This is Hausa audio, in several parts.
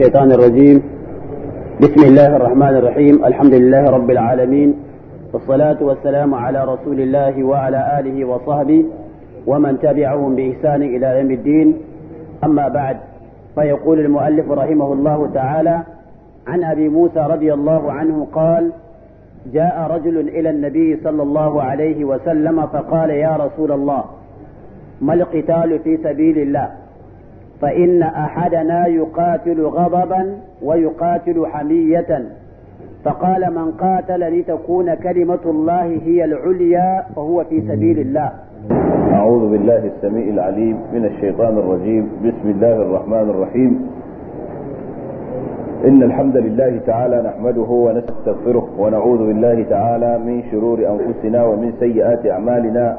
الشيطان الرجيم بسم الله الرحمن الرحيم الحمد لله رب العالمين والصلاة والسلام على رسول الله وعلى آله وصحبه ومن تبعهم بإحسان إلى يوم الدين أما بعد فيقول المؤلف رحمه الله تعالى عن أبي موسى رضي الله عنه قال جاء رجل إلى النبي صلى الله عليه وسلم فقال يا رسول الله ما القتال في سبيل الله فإن أحدنا يقاتل غضبا ويقاتل حمية فقال من قاتل لتكون كلمة الله هي العليا فهو في سبيل الله أعوذ بالله السميع العليم من الشيطان الرجيم بسم الله الرحمن الرحيم إن الحمد لله تعالى نحمده ونستغفره ونعوذ بالله تعالى من شرور أنفسنا ومن سيئات أعمالنا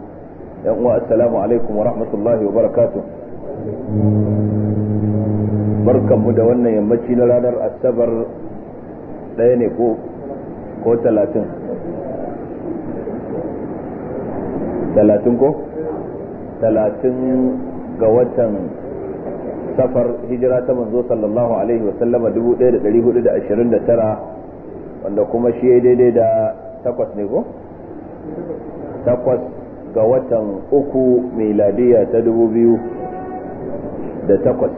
yan uwa assalamu alaikum wa rahmatullahi wa barakatuh barkanmu da wannan yammaci na ranar asabar ɗaya ne ko ko talatin talatin ko talatin ga watan safar hijira ta manzo sallallahu alaihi wa sallama 1429 wanda kuma shi daidai da takwas ne ko takwas ga watan uku miladiya ta dubu biyu da takwas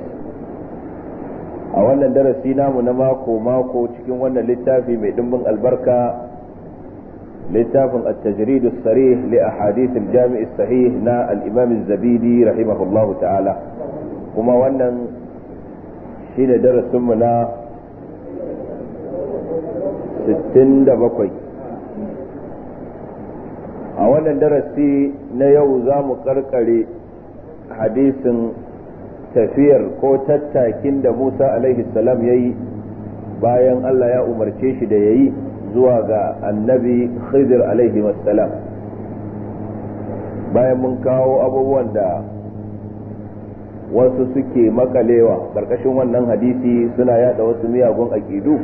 a wannan darasi namu na mako-mako cikin wannan littafi mai dimbin albarka littafin a tajridu sare li a hadisun jami'is sahih na al'imamin zabidi rahimahullahu ta'ala kuma wannan shi ne darasinmu na bakwai. a wannan darasi na yau za mu karkare hadisin tafiyar ko tattakin da musa alaihi salam ya yi bayan allah ya umarce shi da ya yi zuwa ga annabi khidir alaihi salam bayan mun kawo abubuwan da wasu suke makalewa ƙarƙashin wannan hadisi suna yada wasu miyagun akidu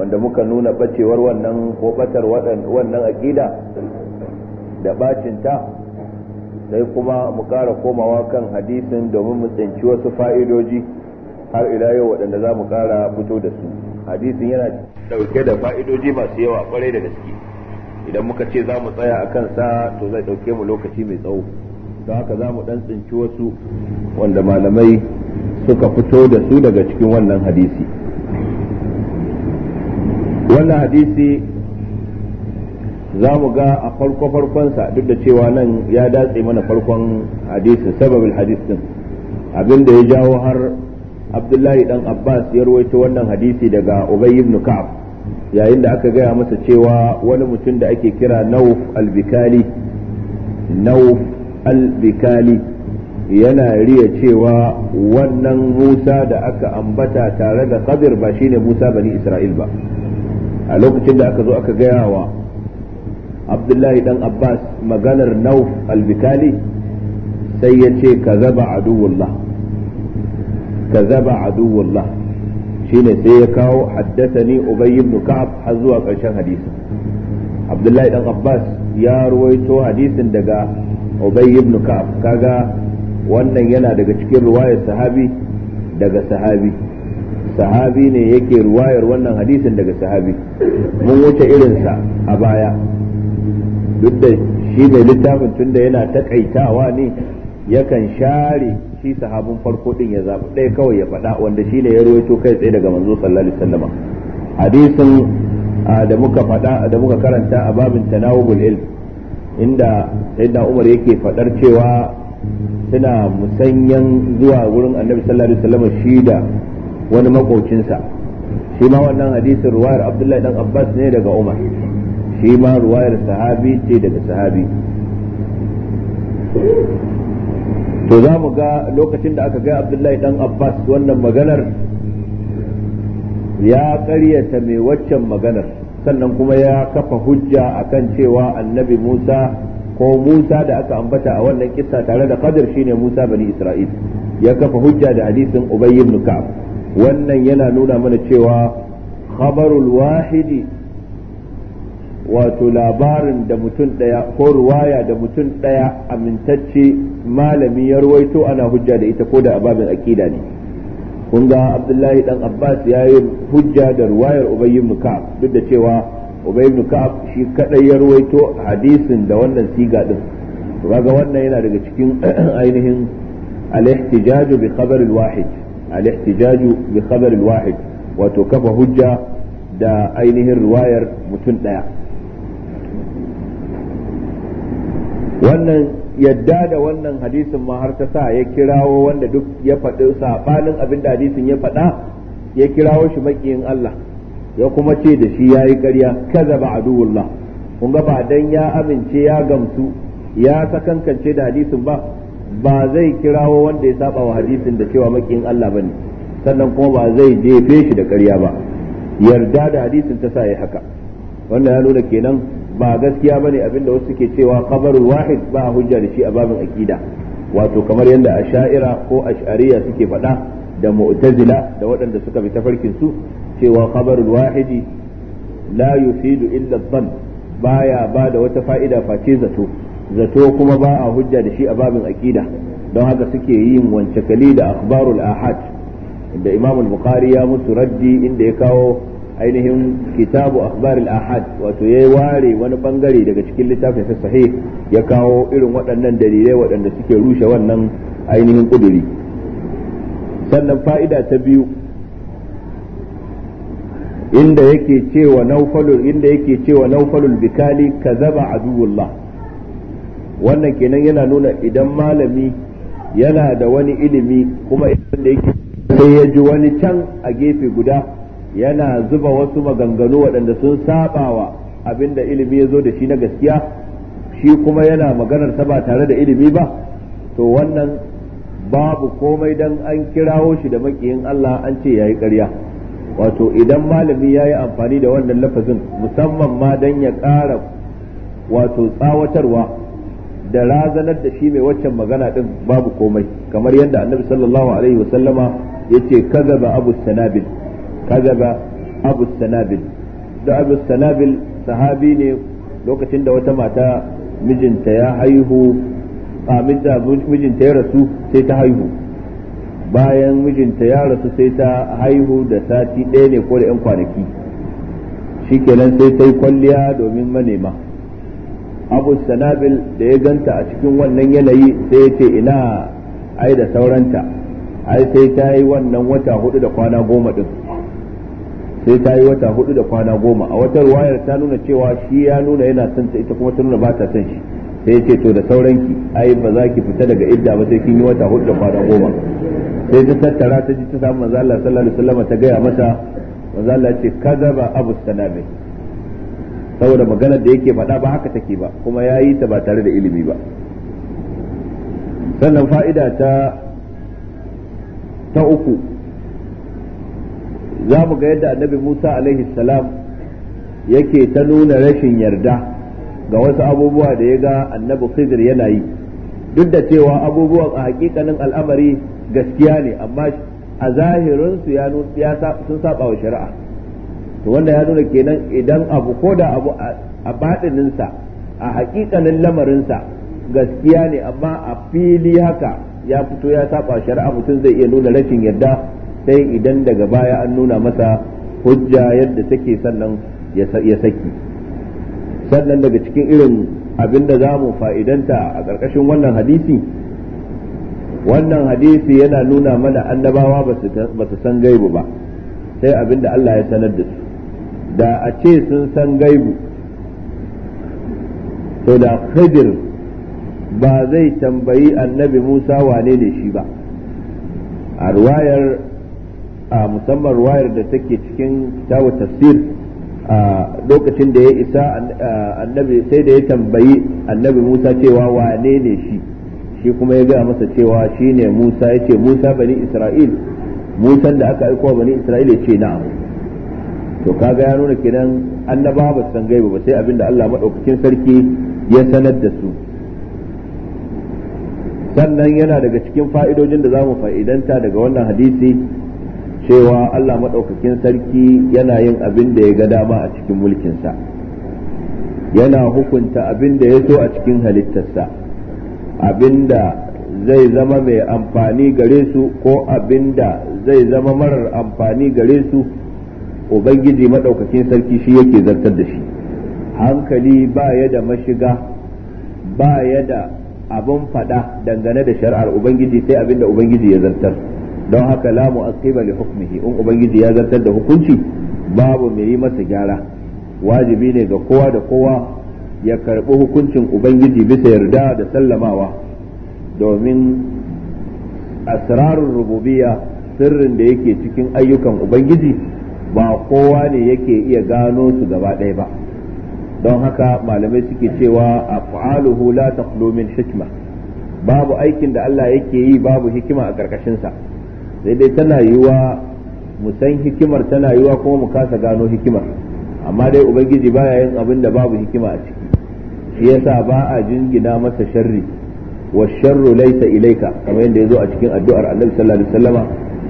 wanda muka nuna bacewar wannan ko batar wannan akida. da bacinta sai kuma mu kara komawa kan hadisin domin mu tsinci wasu fa'idoji har ila yau waɗanda za mu ƙara fito da su hadisin yana ɗauke da fa'idoji masu yawa kwarai da gaske idan muka ce za mu tsaya a sa to zai ɗauke mu lokaci mai tsawo don haka za mu ɗan tsinci wasu wanda malamai suka fito da su daga cikin wannan hadisi wannan hadisi za mu ga a farko farkonsa duk da cewa nan ya datse mana farkon hadisin sababin hadis din abin da ya jawo har abdullahi dan abbas ya ruwaito wannan hadisi daga ubay ibn ka'ab yayin da aka gaya masa cewa wani mutum da ake kira nauf albikali nauf albikali yana riya cewa wannan musa da aka ambata tare da Kabir ba shine musa bani isra'il ba a lokacin da aka zo aka gaya wa abdullahi dan abbas maganar nauf albikali sai ya ce ka zaba aduwullah ka zaba aduwullah ne sai ya kawo haddatani ubay ibn ka'ab har zuwa ƙarshen hadisin abdullahi dan abbas ya ruwaito hadisin daga ubay ibn ka'ab kaga wannan yana daga cikin ruwayar sahabi daga sahabi sahabi ne yake ruwayar wannan hadisin daga sahabi mun wuce irinsa a baya duk da shi mai littafin tunda yana takaitawa ne yakan share shi sahabin farko din ya zaɓi ɗaya kawai ya faɗa wanda shi ne ya rawaito kai tsaye daga manzo sallallahu alaihi wasallama hadisin da muka faɗa da muka karanta a babin tanawul ilm inda sayyidina Umar yake faɗar cewa suna musanyan zuwa wurin annabi sallallahu alaihi wasallama shi da wani makocinsa shi ma wannan hadisin ruwayar Abdullahi dan Abbas ne daga Umar shi ma ruwayar sahabi ce daga sahabi to za mu ga lokacin da aka ga abdullahi dan abbas wannan maganar ya karyata mai waccan maganar sannan kuma ya kafa hujja a kan cewa annabi musa ko musa da aka ambata a wannan kisa tare da qadar shine musa bani isra'il ya kafa hujja da hadisin ubayyin ibn ka'ab wannan yana nuna mana cewa khabarul wahidi wato labarin da mutum ɗaya ko ruwaya da mutum ɗaya amintacce malami ya ruwaito ana hujja da ita ko da ababin aƙida ne kun ga abdullahi dan abbas ya yi hujja da ruwayar ubay ibn ka'ab duk da cewa ubay ibn ka'ab shi kadai ya ruwaito hadisin da wannan siga din kaga wannan yana daga cikin ainihin al-ihtijaju bi khabar al-wahid al-ihtijaju bi khabar al-wahid wato kafa hujja da ainihin ruwayar mutum ɗaya wannan yadda da wannan hadisin ma har ta sa ya kirawo wanda duk ya faɗi saɓanin abin da hadisin ya faɗa ya kirawo shi maƙiyin Allah ya kuma ce da shi ya yi ƙarya kaza ba a aduwullah kun ga ba dan ya amince ya gamsu ya sakankance da hadisin ba ba zai kirawo wanda ya saba wa hadisin da cewa maƙiyin Allah bane sannan kuma ba zai jefe shi da ƙarya ba yarda da hadisin ta sa ya haka wannan ya nuna kenan ba gaskiya ba bane abinda wasu ke cewa kabarin wahid ba a hujja da shi a babin akida wato kamar yadda asha'ira ko ash'ariya suke faɗa da mu'tazila da waɗanda suka bi tafarkin su cewa kabarul wahidi la yufidu illa dhann baya ba da wata fa'ida face zato zato kuma ba a hujja da shi a babin akida don haka suke yin wance da akhbarul ahad da imamul bukhari ya musu raddi inda ya kawo ainihin kitabu akhbar al-ahad wato ya ware wani bangare daga cikin littafin sa sahih ya kawo irin waɗannan dalilai waɗanda suke rushe wannan ainihin kuduri sannan fa'ida ta biyu inda yake cewa naufalul inda yake cewa naufalul bikali kazaba aduwullah wannan kenan yana nuna idan malami yana da wani ilimi kuma idan da yake sai ya ji wani can a gefe guda yana zuba wasu maganganu waɗanda sun sabawa abinda ilimi ya zo da shi na gaskiya shi kuma yana maganar ta ba tare da ilimi ba to wannan babu komai dan an kirawo shi da makiyin Allah an ce yayi ƙarya wato idan malami yi amfani da wannan lafazin musamman ma dan ya ƙara wato tsawatarwa da razanar da shi mai waccan magana din babu komai kamar yadda annabi sallallahu alaihi wasallama yace kazaba abu sanabil kadaba abu sanabil da abu sanabil sahabi ne lokacin da wata mata mijinta ya haihu a mijinta ya rasu sai ta haihu bayan mijinta ya rasu sai ta haihu da sati ɗaya ne ko da 'yan kwanaki shi kenan sai ta yi kwalliya domin manema abu sanabil da ya ganta a cikin wannan yanayi sai ya ce ina ai da sauranta ai sai ta yi wannan wata hudu da kwana goma din sai ta yi wata hudu da kwana goma a wata ruwayar ta nuna cewa shi ya nuna yana son ta ita kuma ta nuna ba ta son shi sai ya ce to da sauranki ai ba za ki fita daga idda ba sai kin yi wata hudu da kwana goma sai ta tattara ta ji ta samu manzo Allah sallallahu alaihi wasallam ta gaya mata manzo Allah ce kazaba abu sanabi saboda maganar da yake faɗa ba haka take ba kuma ya yi ta ba tare da ilimi ba sannan fa'ida ta ta uku za mu ga yadda annabi Musa alaihi salam yake ta nuna rashin yarda ga wasu abubuwa da ya ga annabi Khidir yana yi duk da cewa abubuwan a hakikanin al'amari gaskiya ne amma a zahirin su ya sun saba wa shari'a to wanda ya nuna kenan idan abu ko da abu a baɗininsa a hakikanin lamarinsa gaskiya ne amma a fili haka ya fito ya saba shari'a mutum zai iya nuna rashin yarda sai idan daga baya an nuna masa hujja yadda take sannan ya saki sannan daga cikin irin abin da za mu fa'idanta a ƙarƙashin wannan hadisi wannan hadisi yana nuna mana annabawa ba su san gaibu ba sai abin da Allah ya sanar da su da a ce sun san gaibu to da khidir ba zai tambayi annabi musa wane ne shi ba a ruwayar a musamman ruwayar da take cikin kitabu tafsir a lokacin da ya isa annabi sai da ya tambayi annabi Musa cewa wane ne shi shi kuma ya gaya masa cewa shi ne Musa ya ce Musa bani Isra'il Musan da aka aiko bani Isra'il ya ce na'am to kaga ya nuna kenan annaba ba san gaiba ba sai abinda Allah madaukakin sarki ya sanar da su sannan yana daga cikin fa'idojin da za mu fa'idanta daga wannan hadisi cewa Allah maɗaukakin sarki yana yin abin da ya ga dama a cikin mulkinsa yana hukunta abin da ya so a cikin halittarsa abin da zai zama mai amfani gare su ko abin da zai zama marar amfani gare su ubangiji maɗaukakin sarki shi yake zartar da shi hankali ba ya da mashiga ba ya da abin faɗa dangane da shari'ar ubangiji sai abin da ubangiji ya zartar. don haka la mu'aqqiba li hukmihi in ubangiji ya zartar da hukunci babu mai yi masa gyara wajibi ne ga kowa da kowa ya karbi hukuncin ubangiji bisa yarda da sallamawa domin asrarur rububiyya sirrin da yake cikin ayyukan ubangiji ba kowa ne yake iya gano su gaba ɗaya ba don haka malamai suke cewa af'aluhu la taqlu min hikma babu aikin da Allah yake yi babu hikima a ƙarƙashinsa sai dai tana yiwa mu san hikimar tana yiwa kuma mu kasa gano hikimar amma dai ubangiji baya yin abin da babu hikima a ciki shi yasa ba a jingina masa sharri wa sharru laysa ilayka kamar yadda yazo a cikin addu'ar Annabi sallallahu alaihi wasallama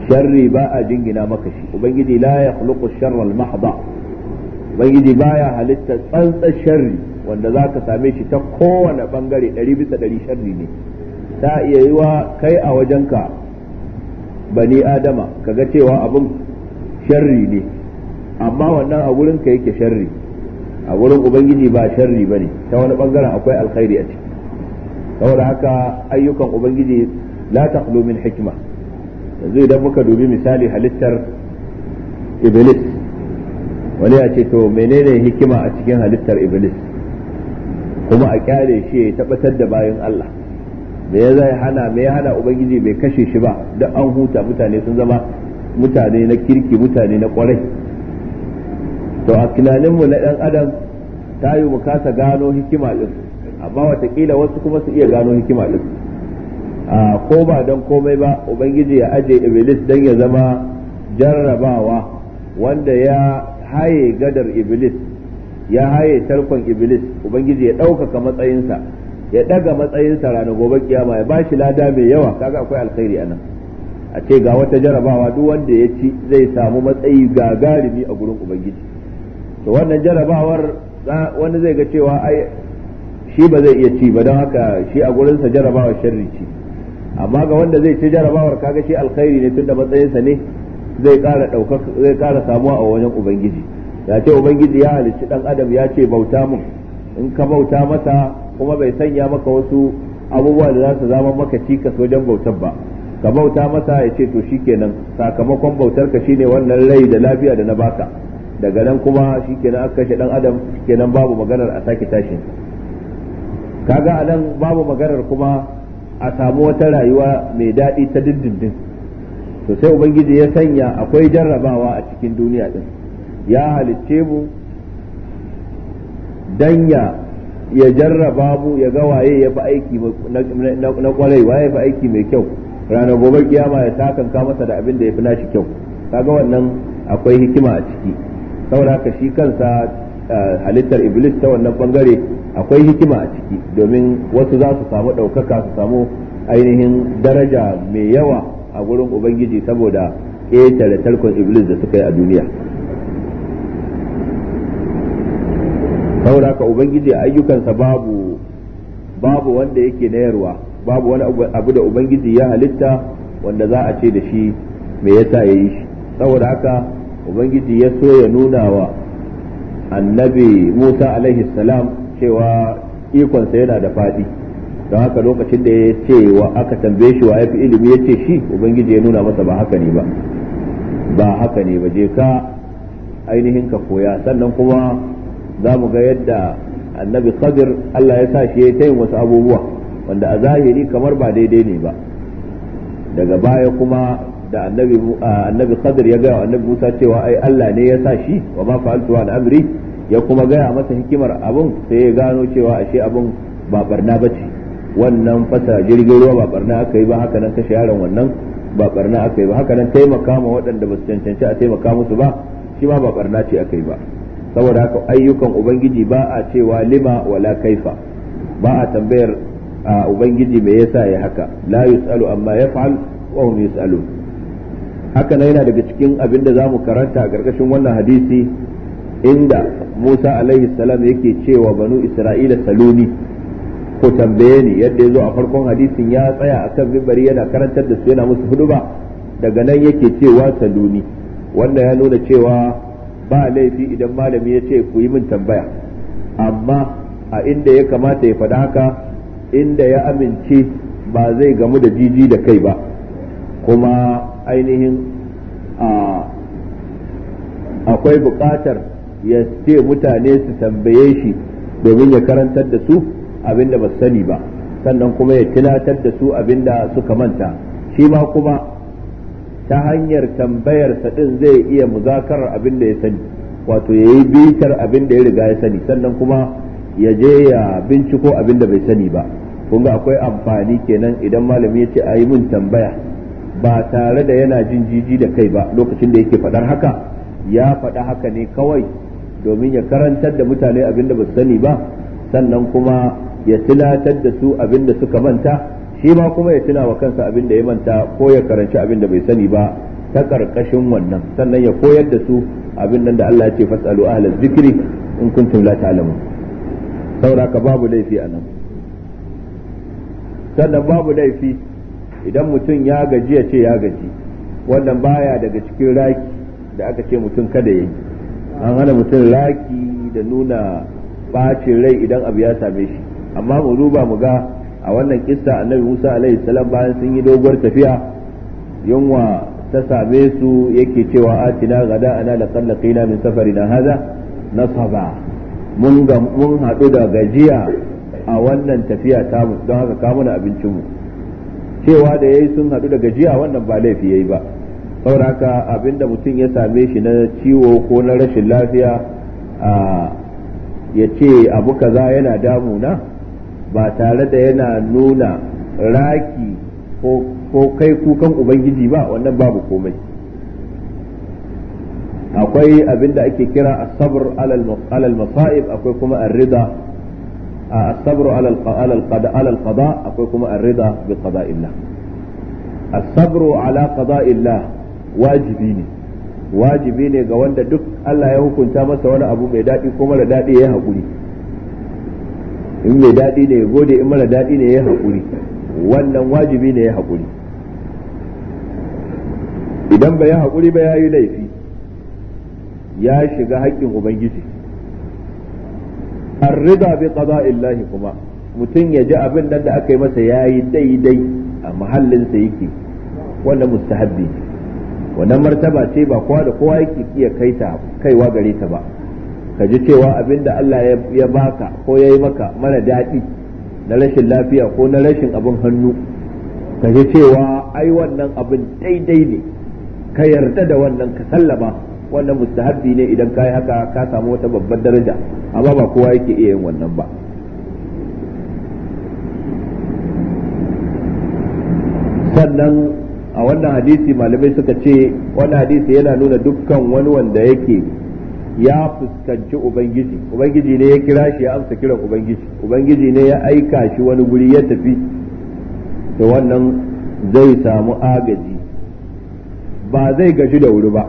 sharri ba a jingina maka shi ubangiji la yakhluqu sharra al mahdha ubangiji baya halitta tsantsan sharri wanda zaka same shi ta kowane bangare 100 bisa 100 sharri ne ta iya yiwa kai a wajenka bani adama kaga cewa abun sharri ne amma wannan a gurin ka yake sharri a gurin ubangiji ba sharri ba ne ta wani bangaren akwai alkhairi a ciki saboda haka ayyukan ubangiji la taqlu min hikma yanzu idan muka dubi misali halittar iblis wani ya ce to menene hikima a cikin halittar iblis kuma a kyale shi ya tabbatar da bayan Allah me ya zai hana me ya hana ubangiji bai kashe shi ba duk an huta mutane sun zama mutane na kirki mutane na kwarai to a tunaninmu na ɗan adam ta yi mu kasa gano hikima ɗin amma watakila wasu kuma su iya gano hikima ɗin ko ba don komai ba ubangiji ya aje iblis don ya zama jarrabawa wanda ya haye gadar iblis ya haye tarkon iblis ubangiji ya ɗaukaka matsayinsa ya daga matsayinsa ranar gobe kiyama ya bashi lada mai yawa kaga akwai alkhairi anan a ce ga wata jarabawa duk wanda ya ci zai samu matsayi gagarumi a gurin ubangiji to wannan jarabawar wani zai ga cewa ai shi ba zai iya ci ba don haka shi a gurinsa jarabawar sharri ci amma ga wanda zai ci jarabawar kaga shi alkhairi ne tunda matsayinsa ne zai kara daukar zai kara samuwa a wajen ubangiji ya ce ubangiji ya halicci dan adam ya ce bauta mun in ka bauta masa kuma bai sanya maka wasu abubuwa da za su zama maka cikas wajen bautar ba ka bauta masa ya ce to shikenan sakamakon bautar ka shine wannan rai da lafiya da na baka daga nan kuma shikenan aka kashe dan adam shikenan babu maganar a sake tashin kaga a nan babu maganar kuma a samu wata rayuwa mai daɗi ta dindindin to sai ubangiji ya sanya akwai jarrabawa a cikin duniya din ya halicce mu danya ya jarraba mu ya ga waye ya fi aiki na kwarai waye ya fi aiki mai kyau ranar gobe kiyama ya takanka masa da abin da ya fi nashi kyau kaga wannan akwai hikima a ciki saboda haka shi kansa eh, halittar iblis ta wannan bangare akwai hikima a ciki domin wasu za su samu ɗaukaka su samu ainihin daraja mai yawa a wurin ubangiji saboda ƙetare tarkon iblis da suka yi a duniya saboda ka ubangiji ayyukansa babu babu wanda yake nayarwa babu wani abu da ubangiji ya halitta wanda za a ce da shi me yasa yayi shi saboda haka ubangiji ya so ya nuna wa annabi musa alaihi salam cewa ikonsa yana da fadi don haka lokacin da ya ce wa aka tambaye shi wa ya fi ilimi ya ce shi ubangiji ya nuna masa ba haka ne ba ba haka ne ba je ka ainihin ka koya sannan kuma za mu ga yadda annabi khadir Allah ya sa shi ya yin wasu abubuwa wanda a zahiri kamar ba daidai ne ba daga baya kuma da annabi annabi khadir ya wa annabi Musa cewa ai Allah ne ya sa shi wa ma fa'altu an amri ya kuma gaya masa hikimar abin sai ya gano cewa ashe abin ba barna ce wannan fasa jirgin ruwa ba barna aka yi ba haka nan kashe yaron wannan ba barna aka yi ba haka nan taimaka ma waɗanda ba su cancanci a taimaka musu ba shi ma ba barna ce aka yi ba saboda haka ayyukan ubangiji ba a cewa lima wala kaifa ba a tambayar a ubangiji me yasa ya haka la yusalu amma yaf'al wa hum yusalu haka nan yana daga cikin abin da zamu karanta a gargashin wannan hadisi inda Musa alaihi salam yake cewa banu Isra'ila saluni ko tambaye ni yadda yazo a farkon hadisin ya tsaya akan mimbari yana karantar da su yana musu huduba daga nan yake cewa saluni wanda ya nuna cewa ba laifi idan malami ya ce ku yi min tambaya amma a inda ya kamata ya faɗa haka inda ya amince ba zai gamu da jiji da kai ba kuma ainihin akwai buƙatar ya ce mutane su tambaye shi domin ya karantar da su abinda ba sani ba sannan kuma ya tilatar da su abinda suka manta shi ma kuma ta hanyar tambayar sa din zai iya muzakarar abin da ya sani wato ya yi bitar abin da ya riga ya sani sannan kuma ya je ya binciko abin da bai sani ba kun ga akwai amfani kenan idan malami ya ce a yi mun tambaya ba tare da yana jin jiji da kai ba lokacin da yake faɗar haka ya faɗa haka ne kawai domin ya karantar da mutane abin da ba sani ba sannan kuma ya tilatar da su abin da suka manta shi ma kuma ya tuna wa kansa abin da ya manta ko ya karanci abin da bai sani ba ta karkashin wannan sannan ya koyar da su abin nan da Allah ya ce fasalu ahlaz zikri in kuntum la ta'lamun sauraka babu laifi a nan sannan babu laifi idan mutum ya gaji ya ce ya gaji wannan baya daga cikin raki da aka ce mutum kada yi an hana mutum raki da nuna bacin rai idan abu ya same shi amma mu duba mu ga a wannan kissa annabi Musa alaihi salam bayan sun yi doguwar tafiya yunwa ta same su yake cewa atina gada ana laqad laqina min safari na nasaba mun ga mun hadu da gajiya a wannan tafiya ta mu don haka ka mana abincin mu cewa da yayi sun hadu da gajiya wannan ba laifi yayi ba saboda haka abinda mutum ya same shi na ciwo ko na rashin lafiya a ya ce abu kaza yana damuna ba tare da yana nuna raki ko kai kukan ubangiji ba wannan babu komai akwai abin da ake kira Asabar alal masa'ib akwai kuma arrida Asabar alal qada akwai kuma arrida bi qada'illah asabr ala illa wajibi ne wajibi ne ga wanda duk Allah ya hukunta masa wani abu mai daɗi ko mara daɗi ya haƙuri in mai daɗi ne ya gode in mara daɗi ne ya haƙuri wannan wajibi ne ya haƙuri idan bai haƙuri ba ya yi laifi ya shiga haƙƙin ubangiji An riba bi Illahi kuma mutum ya ji abin nan da aka yi masa ya yayi daidai a mahallinsa yake wannan mustahabbi ne wannan martaba ce ba kowa da kowa yake iya kaita kaiwa gare ta ba ka ji cewa abin da Allah ya baka ko ya yi maka mana daɗi na rashin lafiya ko na rashin abin hannu ka ji cewa ai wannan abin daidai ne ka yarda da wannan ka sallama wannan mustahabbi ne idan ka yi haka ka samu wata babbar daraja amma ba kowa yake iya yin wannan ba sannan a wannan hadisi malamai suka ce wannan hadisi yana nuna dukkan wani wanda yake ya fuskanci ubangiji ubangiji ne ya kira shi ya amsa kiran ubangiji ubangiji ne ya aika shi wani guri ya tafi da wannan zai samu agaji ba zai gashi da wuri ba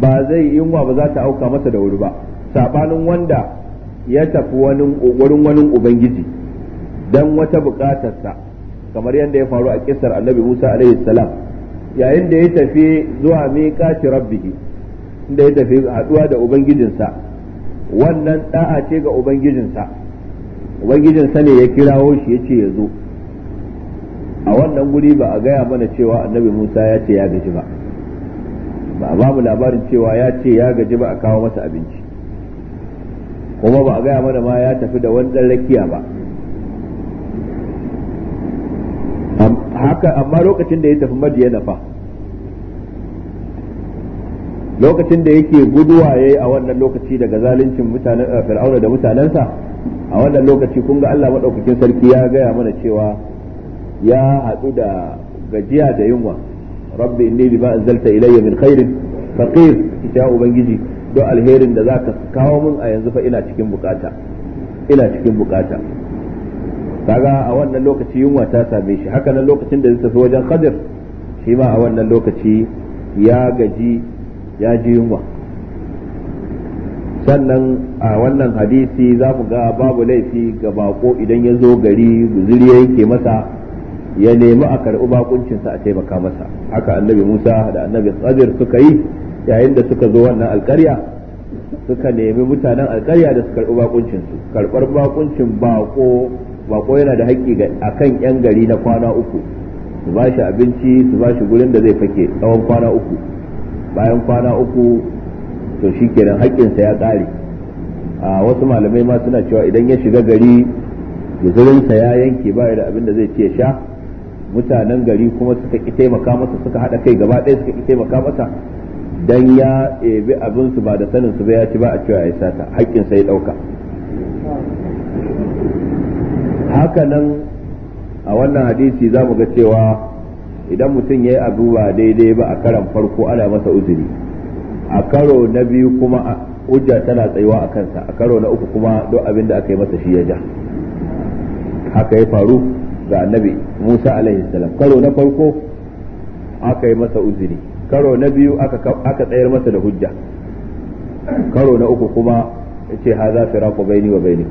ba zai yunwa ba za ta auka masa da wuri ba sabanin wanda ya tafi wurin wani ubangiji don wata bukatarsa kamar yadda ya faru a kisar annabi musa alaihi salam yayin da ya tafi zuwa miƙa shi rabbihi inda ya tafi haɗuwa da ubangijinsa wannan da'a ce ga ubangijinsa ubangijinsa ne ya kirawo shi ya ce ya zo a wannan guri ba a gaya mana cewa annabi musa ya ce ya gaji ba ba a mu labarin cewa ya ce ya gaji ba a kawo masa abinci kuma ba a gaya mana ma ya tafi da wani ɗan rakiya ba amma lokacin da ya tafi madiyana fa lokacin da yake guduwa yayi a wannan lokaci daga zaluncin mutanen eh, fir'auna da mutanensa a wannan lokaci kun ga Allah madaukakin sarki ya gaya mana cewa ya haɗu da gajiya da yunwa rabbi inni bima anzalta ilayya min khairin faqir ya ubangiji do alherin da zaka kawo min a yanzu fa ina cikin bukata ina cikin bukata kaga a wannan lokaci yunwa ta same shi haka nan lokacin da zai tafi wajen khadir shi ma a wannan lokaci ya gaji ya ji yunwa sannan a wannan hadisi za mu ga babu laifi ga bako idan ya zo gari guzuri ya yanke masa ya nemi a karɓi bakuncinsa a taimaka masa haka annabi musa da annabi tsadir suka yi yayin da suka zo wannan alkarya suka nemi mutanen alkarya da su karɓi bakuncinsu karɓar bakuncin bako bako yana da haƙƙi a kan 'yan gari na kwana uku su ba shi abinci su ba shi gurin da zai fake tsawon kwana uku bayan kwana uku to shi kenan haƙƙinsa ya ƙare a wasu malamai ma suna cewa idan ya shiga gari guzurinsa ya yanke ba da abin da zai ce sha mutanen gari kuma suka ƙi taimaka masa suka haɗa kai gaba ɗaya suka ƙi taimaka masa dan ya ebi abinsu ba da saninsu ba ya ci ba a cewa ya sata haƙƙinsa ya ɗauka haka nan a wannan hadisi za mu ga cewa idan mutum ya yi abu ba daidai ba a karan farko ana masa uzuri a karo na biyu kuma hujja tana tsayuwa a kansa a karo na uku kuma duk abin da aka yi masa shi ya ja haka ya faru ga annabi musa alaihi salam karo na farko aka yi masa uzuri karo na biyu aka tsayar masa da hujja karo na uku kuma ce haza firaku baini wa ni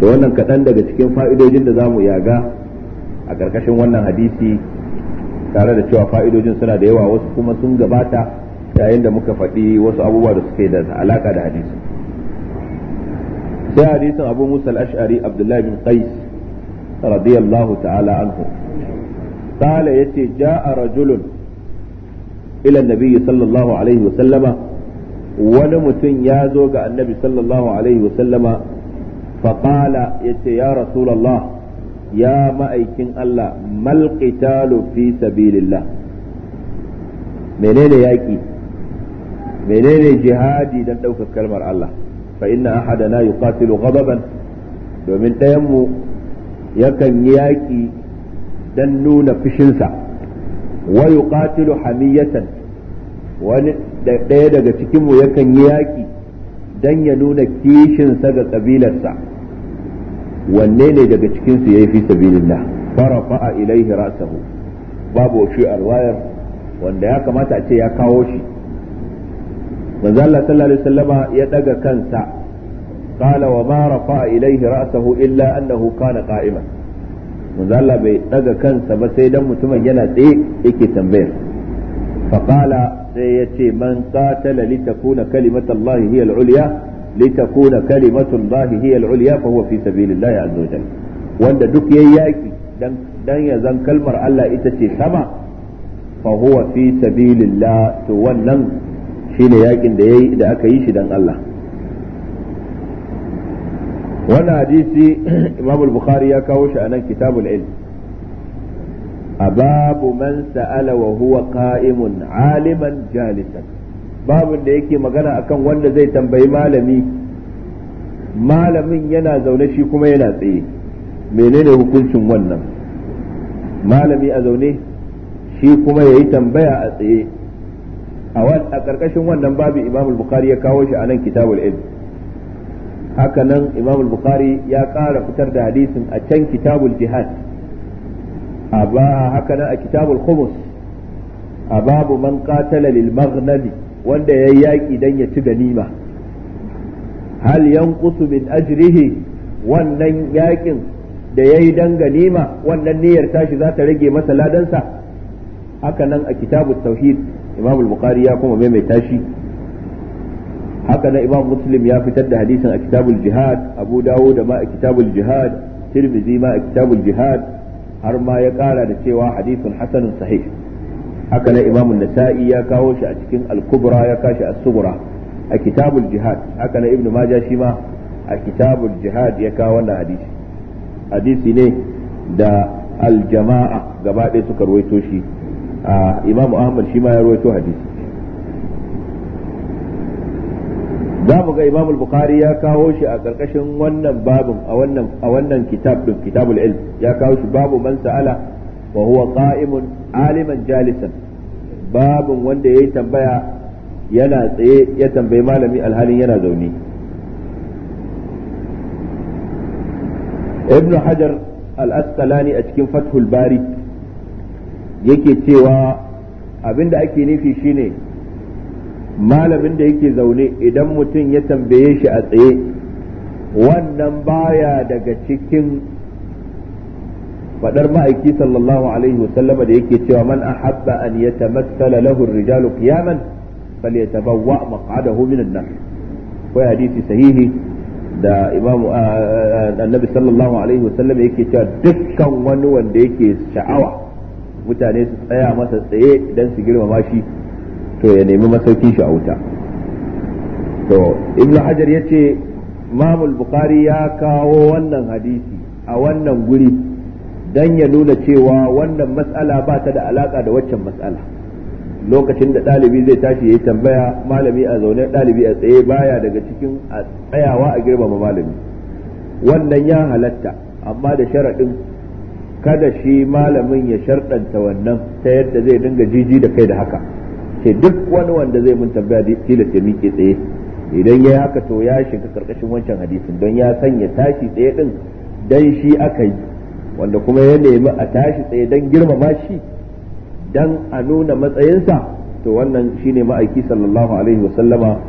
to wannan kaɗan daga cikin fa'idojin da za mu yaga a ƙarƙashin wannan hadisi tare da cewa fa'idojin suna da yawa wasu kuma sun gabata yayin da muka faɗi wasu abubuwa da suke da alaƙa da hadisi sai hadisin abu musa al-ash'ari abdullahi bin qais radiyallahu ta'ala anhu قال يتي جاء رجل إلى النبي صلى wani mutum ya zo ga annabi صلى الله عليه وسلم فقال يتي yace ya الله ya ma'aikin Allah mal qitalu fi sabilillah menene yaki menene jihadi dan ɗaukar kalmar Allah fa inna ahadana yuqatilu ghadaban domin ɗayan mu yakan yi yaki dan nuna fushinsa wa yuqatilu hamiyatan wani ɗaya daga cikin mu yakan yi yaki dan ya nuna kishinsa ga kabilarsa wanne ne daga cikin su yayi fi sabilillah farafa ilaihi rasahu babu shi alwayar. wanda ya kamata a ce ya kawo shi manzo Allah sallallahu alaihi wasallama ya daga kansa qala wa ma rafa ilaihi rasahu illa annahu kana qa'iman manzo Allah bai daga kansa ba sai dan mutumin yana tsaye yake tambayar fa qala sai ce man qatala litakuna kalimatullahi hiya al-ulya litakuna kalimatullahi hiya al-ulya fa huwa fi sabilillahi azza wajal wanda duk yayi yaki dan dan kalmar Allah ita ce sama fa huwa fi sabilillah to wannan shine yakin da yayi da aka yi shi dan Allah wannan hadisi imamul al ya kawo shi a nan kitabul ilm babu man sa'ala wa huwa qa'imun aliman jalisan babin da yake magana akan wanda zai tambayi malami malamin yana zaune shi kuma yana tsaye menene hukuncin wannan malami a zaune shi kuma ya yi tambaya a tsaye a ƙarƙashin wannan babi imam bukhari ya kawo shi a nan kitabul ilm haka nan imam bukhari ya ƙara fitar da hadisin a can kitabul jihad a haka nan a kitabul khumus a babu man qatala lil maghnami wanda ya yi yaƙi dan ya ci ganima hal yanqusu min ajrihi wannan yaƙin da ya yi dan ganima wannan niyyar tashi za ta rage masa ladansa haka nan a kitabu tauhid imam bukhari ya kuma maimaita shi haka nan imam muslim ya fitar da hadisin a kitabul jihad abu dawo da ma a kitabul jihad tirmizi ma a kitabul jihad har ma ya kara da cewa hadisin hasanun sahih haka na imamun nasa'i ya kawo shi a cikin al-kubra ya kashi as a kitabul jihad haka na ibnu maja shi ma a kitabul jihad ya kawo wannan hadisi hadisi ne da al-jama'a gaba ɗaya suka ruwaito shi a imamu ahmad shi ma ya ruwaito hadisi za mu ga imamul bukari ya kawo shi a ƙarƙashin wannan babin a wannan a wannan kitab din kitabul ilm ya kawo shi babu man sa'ala wa huwa qa'imun aliman jalisan babin wanda ya tambaya yana tsaye ya tambayi malami alhalin yana zaune ibnu hajar al-asqalani a cikin fathul bari yake cewa abinda ake nufi shine malamin da yake zaune idan mutum ya tambaye shi a tsaye wannan baya daga cikin fadar ma'aiki sallallahu alaihi wasallama da yake cewa man ahabba an yatamassala lahu ar-rijalu qiyaman falyatabawwa maq'adahu min an-nar sahihi da imamu annabi sallallahu alaihi wasallam yake cewa dukkan wani wanda yake sha'awa mutane su tsaya masa tsaye dan su girmama shi to ya nemi masauki shi a wuta to ibn hajar yace imamul al-bukhari ya kawo wannan hadisi a wannan guri dan ya nuna cewa wannan matsala ba ta da alaka da waccan matsala lokacin da ɗalibi zai tashi ya tambaya malami a zaune ɗalibi a tsaye baya daga cikin a tsayawa a girmama malami wannan ya halatta amma da sharaɗin kada shi malamin ya sharɗanta wannan ta yadda zai dinga jiji da kai da haka ce duk wani wanda zai mun tambaya tilasta miƙe tsaye idan ya haka to ya shiga karkashin wancan hadisin don ya sanya tashi tsaye din dan shi aka yi wanda kuma ya nemi a tashi tsaye don girmama shi don a nuna matsayinsa to wannan shine ma'aiki sallallahu alaihi wasallama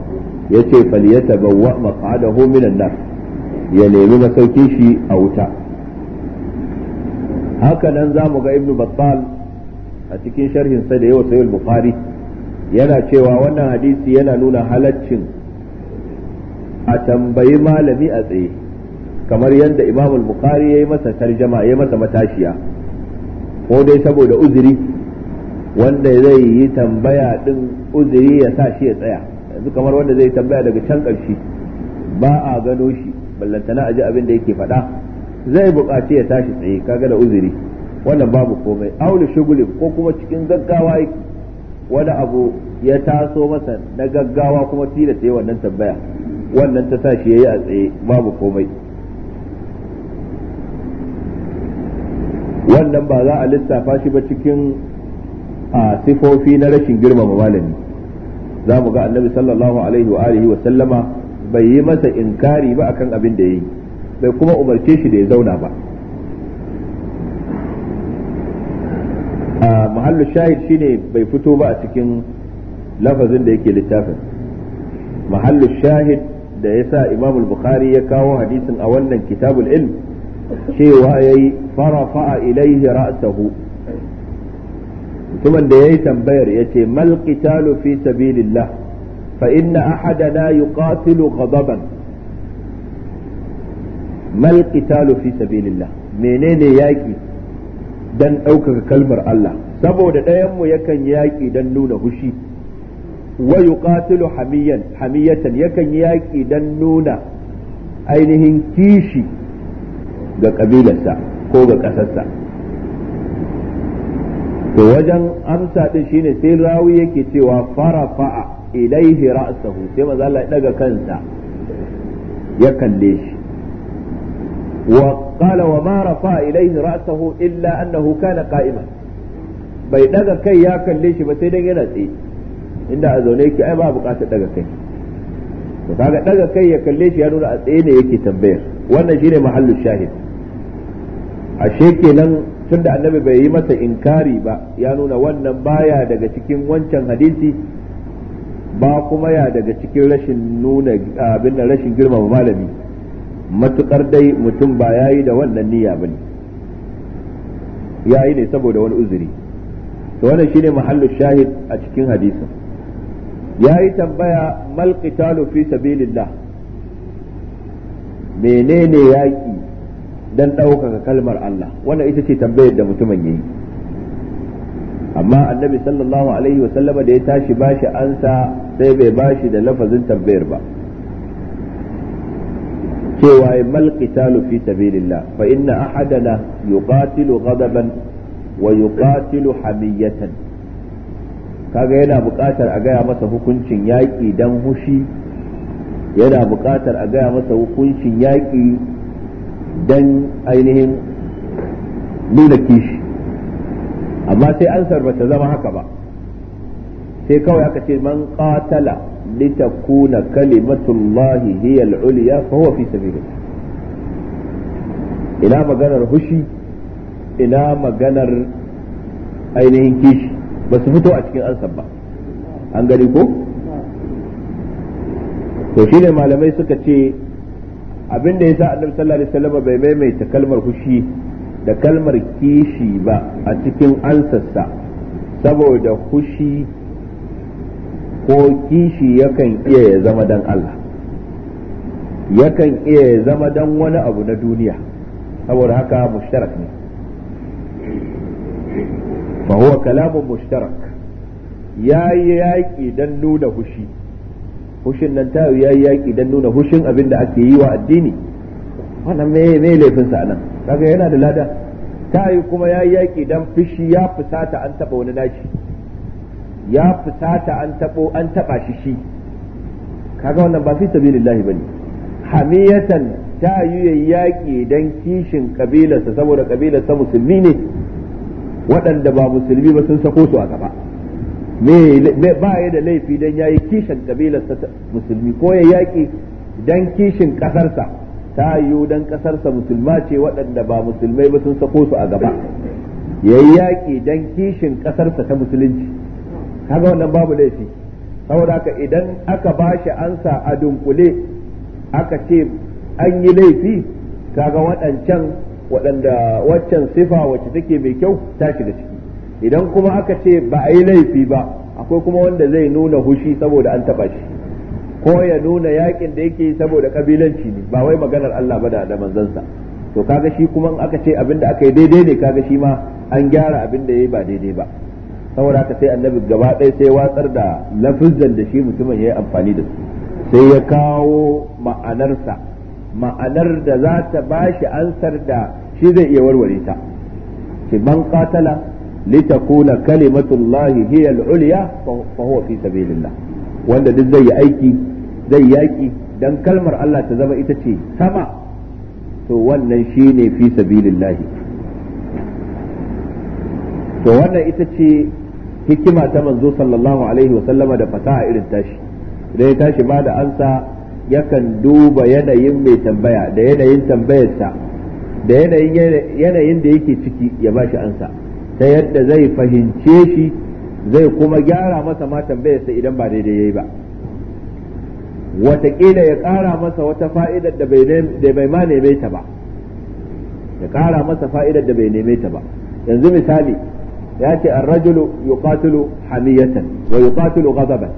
ya ce faliyata bawa da minan nan ya nemi masaukin shi a wuta haka nan za mu ga ibnu battal a cikin sharhinsa da yawa Sayul bukhari yana cewa wannan hadisi yana nuna halaccin a tambayi malami a tsaye kamar yadda imam al-bukhari yayi masa tarjama yayi masa matashiya ko dai saboda uzuri wanda zai yi tambaya din uzuri ya sa shi ya tsaya yanzu kamar wanda zai tambaya daga can ƙarshe ba a gano shi ballantana a ji abin da yake faɗa zai buƙaci ya tashi tsaye kaga da uzuri wannan babu komai aula shugulin ko kuma cikin gaggawa yake wani abu ya taso masa na gaggawa kuma tilasta yi wannan tambaya wannan ta sa shi ya yi a tsaye babu komai wannan ba za a lissafa shi ba cikin a sifofi na rashin girmama malami za mu ga annabi sallallahu alaihi wa alihi wa sallama bai yi masa inkari ba akan abin da yayi bai kuma umarce shi da ya zauna ba a mahallu shahid shine bai fito ba a cikin lafazin da yake littafin mahallu shahid da yasa imamul bukhari ya kawo hadisin a wannan kitabul ilm cewa yayi farafa ilaihi ra'asahu mutumin da yayi tambayar yace mal qitalu fi sabilillah fa inna ahadana yuqatilu ghadaban mal qitalu fi sabilillah menene yaki dan ɗaukaka kalmar Allah saboda ɗayan mu yakan yaki dan nuna hushi wa yuqatilu hamiyan hamiyatan yakan yaki dan nuna ainihin kishi ga kabilarsa ko ga ƙasarsa to wajen amsa din shine sai rawi yake cewa farafa'a ilaihi ra'sahu sai maza Allah ya daga kansa ya kalle shi wa qala wa ma rafa'a ilaihi ra'sahu illa annahu kana qa'iman bai daga kai ya kalle shi ba sai dan yana tsaye inda a zaune yake ai ba bukatar daga kai to kaga daga kai ya kalle shi ya nuna a tsaye ne yake tambayar wannan shine mahallu shahid ashe kenan tunda annabi bai yi masa inkari ba ya nuna wannan baya daga cikin wancan hadisi ba kuma ya daga cikin rashin nuna abin da rashin girmama malami matukar dai mutum ba yayi da wannan niyya bane yayi ne saboda wani uzuri to wannan shine mahallu shahid a cikin hadisin yayi tambaya mal qitalu fi sabilillah menene yaki dan ɗaukaka kalmar Allah wannan ita ce tambayar da mutumin yi amma annabi sallallahu alaihi wasallama da ya tashi bashi ansa sai bai bashi da lafazin tambayar ba cewa mal qitalu fi sabilillah fa inna ahadana yuqatilu ghadaban wa yuqatilu hamiyatan kaga yana buƙatar a gaya masa hukuncin yaƙi dan hushi yana buƙatar a gaya masa hukuncin yaƙi don ainihin nuna kishi amma sai ansar bata zama haka ba sai kawai aka ce man qatala litakuna kalimatullahi hiya al-ulya fa huwa fi sabilillah ina maganar hushi ina maganar ainihin kishi ba su fito a cikin ansar ba an gani ko to shine malamai suka ce abin da yasa annabi sallallahu alaihi wasallam bai maimaita kalmar fushi da kalmar kishi ba a cikin ansarsa saboda fushi ko kishi yakan iya ya zama dan Allah yakan iya ya zama dan wani abu na duniya saboda haka mushtarak ne fa huwa kalamun mushtarak yayi yaƙi dan nuna fushi hushin nan ta yi yaƙi don nuna hushin abin da ake yi wa addini wannan me me laifin sa nan kaga yana da lada Ta yi kuma yi yaƙi don fishi ya fusata an taɓa wani nashi ya fusata an taɓo an taɓa shi shi kaga wannan ba fi sabilillahi bane hamiyatan ta yi yaƙi don kishin kabilarsa saboda kabilarsa musulmi ne waɗanda ba musulmi ba sun sako su a gaba ba ya da laifi don ya yi kishin kabilarsa musulmi ko ya yaƙi dan kishin ƙasarsa ta yiwu dan ƙasarsa musulma ce waɗanda ba musulmai ba sun sako su a gaba ya yi yaƙi dan kishin ƙasarsa ta musulunci kaga wannan babu laifi saboda haka idan aka ba shi ansa a dunkule aka ce an yi laifi kaga waɗancan waɗanda waccan sifa wacce take mai kyau ta shiga ciki idan kuma aka ce ba a yi laifi ba akwai kuma wanda zai nuna hushi saboda an taba shi ko ya nuna yakin da yake saboda kabilanci ne ba wai maganar Allah ba da manzansa to kaga shi kuma in aka ce abinda aka yi daidai ne kaga shi ma an gyara abinda yayi ba daidai ba saboda haka sai annabi gaba ɗaya sai watsar da lafizan da shi mutumin ya yi amfani da su sai ya kawo ma'anarsa ma'anar da za ta ba shi ansar da shi zai iya warware ta ki ban katala litakuna kalimatullahi hiya al-ulya fa huwa fi sabilillah wanda duk zai yi aiki zai yaƙi dan kalmar Allah ta zama ita ce sama to wannan shine fi sabilillah to wannan ita ce hikima ta manzo sallallahu alaihi wa sallama da fasaha irin tashi da ya tashi ba da ansa yakan duba yanayin mai tambaya da yanayin tambayarsa da yanayin yanayin da yake ciki ya bashi ansa ta yadda zai fahimce shi zai kuma gyara masa ma tambayarsa idan ba daidai yayi ba wataƙila ya ƙara masa wata fa'idar da bai ma neme ta ba ya ƙara masa fa'idar da bai neme ta ba yanzu misali yace ce rajulu yuqatilu hamiyatan wa yuqatilu ghadaban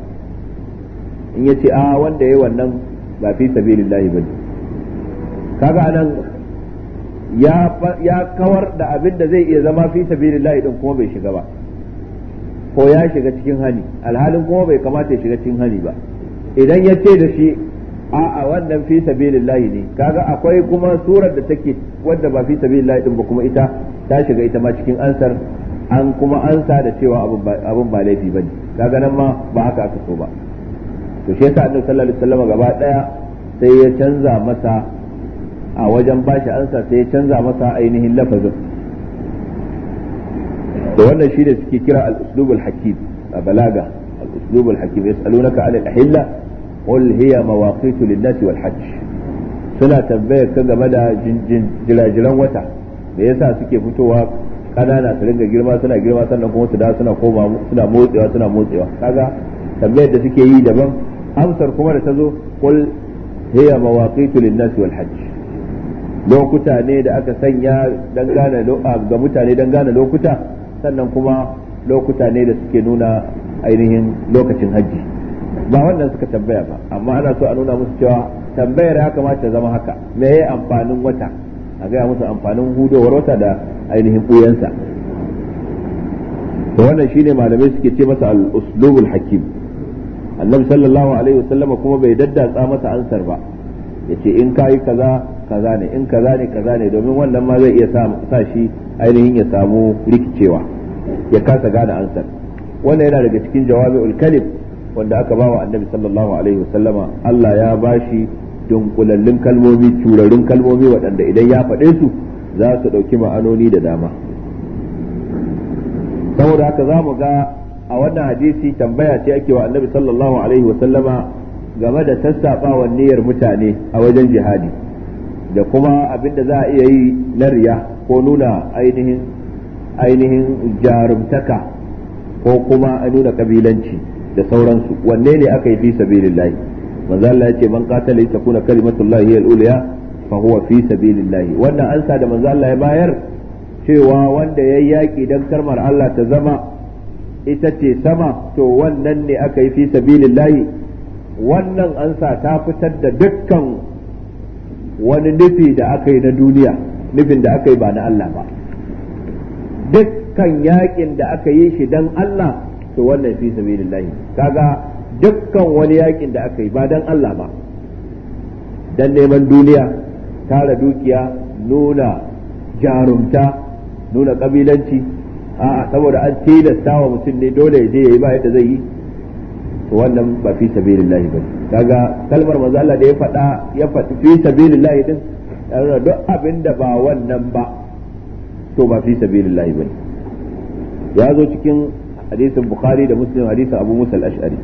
in yace a ah, wanda yayi wannan ba fi sabilillahi bane kaga nan. ya kawar da abin da zai iya zama fi sabilillahi din kuma bai shiga ba ko ya shiga cikin hali alhalin kuma bai kamata ya shiga cikin hali ba idan ya ce da shi a'a wannan fi sabilillahi ne kaga akwai kuma surar da take wadda ba fi sabilillahi din ba kuma ita ta shiga ita ma cikin ansar an kuma ansa da cewa abin ba laifi ba ne kaga nan ma ba haka aka so ba to shi yasa annabi sallallahu alaihi wasallam gaba daya sai ya canza masa a wajen bashi ansa sai ya canza masa ainihin lafazin da wannan shi ne suke kira al-uslubul hakim a balaga al-uslubul hakim yas'alunaka 'ala al-ahilla qul hiya mawaqitu lin-nasi wal hajj suna tambayar ka game da jirajiran wata me yasa suke fitowa kanana su ringa girma suna girma sannan kuma su da suna koma suna motsewa suna motsewa kaga tambayar da suke yi daban amsar kuma da ta zo qul hiya mawaqitu lin-nasi wal hajj lokuta ne da aka sanya ga mutane dan gane lokuta sannan kuma lokuta ne da suke nuna ainihin lokacin hajji ba wannan suka tambaya ba amma ana so a nuna musu cewa tambayar ya kamata zama haka me ya amfanin wata a gaya musu amfanin hudowar wata da ainihin ɓuyansa wannan shine malamai suke ce masa al hakim annabi sallallahu alaihi wasallama kuma bai daddatsa masa ansar ba yace in kai kaza kaza ne in kaza ne kaza ne domin wannan ma zai iya sa shi ainihin ya samu rikicewa ya kasa gane ansar wannan yana daga cikin jawabi ulkalib wanda aka ba wa annabi sallallahu alaihi wasallama Allah ya bashi dunkulallun kalmomi curarun kalmomi waɗanda idan ya faɗe su za su ɗauki ma'anoni da dama saboda haka za mu ga a wannan hadisi tambaya ce ake wa annabi sallallahu alaihi wasallama game da sassaɓawan niyyar mutane a wajen jihadi da kuma abin da za a iya yi na riya ko nuna ainihin ainihin jarumtaka ko kuma a nuna kabilanci da sauransu wanne ne aka yi fi sabilillahi manzo Allah ya ce man qatala li takuna kalimatullahi hiya al-ulya fa huwa fi sabilillahi wannan ansa da manzo Allah ya bayar cewa wanda yayi yaki dan karmar Allah ta zama ita ce sama to wannan ne aka yi fi sabilillahi wannan ansa ta fitar da dukkan wani nufi da aka yi na duniya nufin da aka yi ba na Allah ba dukkan yakin da aka yi shi dan Allah to wannan fi sabilillahi kaga dukkan wani yakin da aka yi ba dan Allah ba dan neman duniya tara dukiya nuna jarumta nuna kabilanci a saboda an tilasta wa mutum ne dole ya je yayi ba yadda zai yi to wannan ba fi ba bane daga kalmar manzo Allah da ya faɗa ya faɗi fi sabilillah din duk abinda ba wannan ba to ba fi sabilillah bane ya zo cikin hadisin bukhari da muslim hadisin abu musa al-ash'ari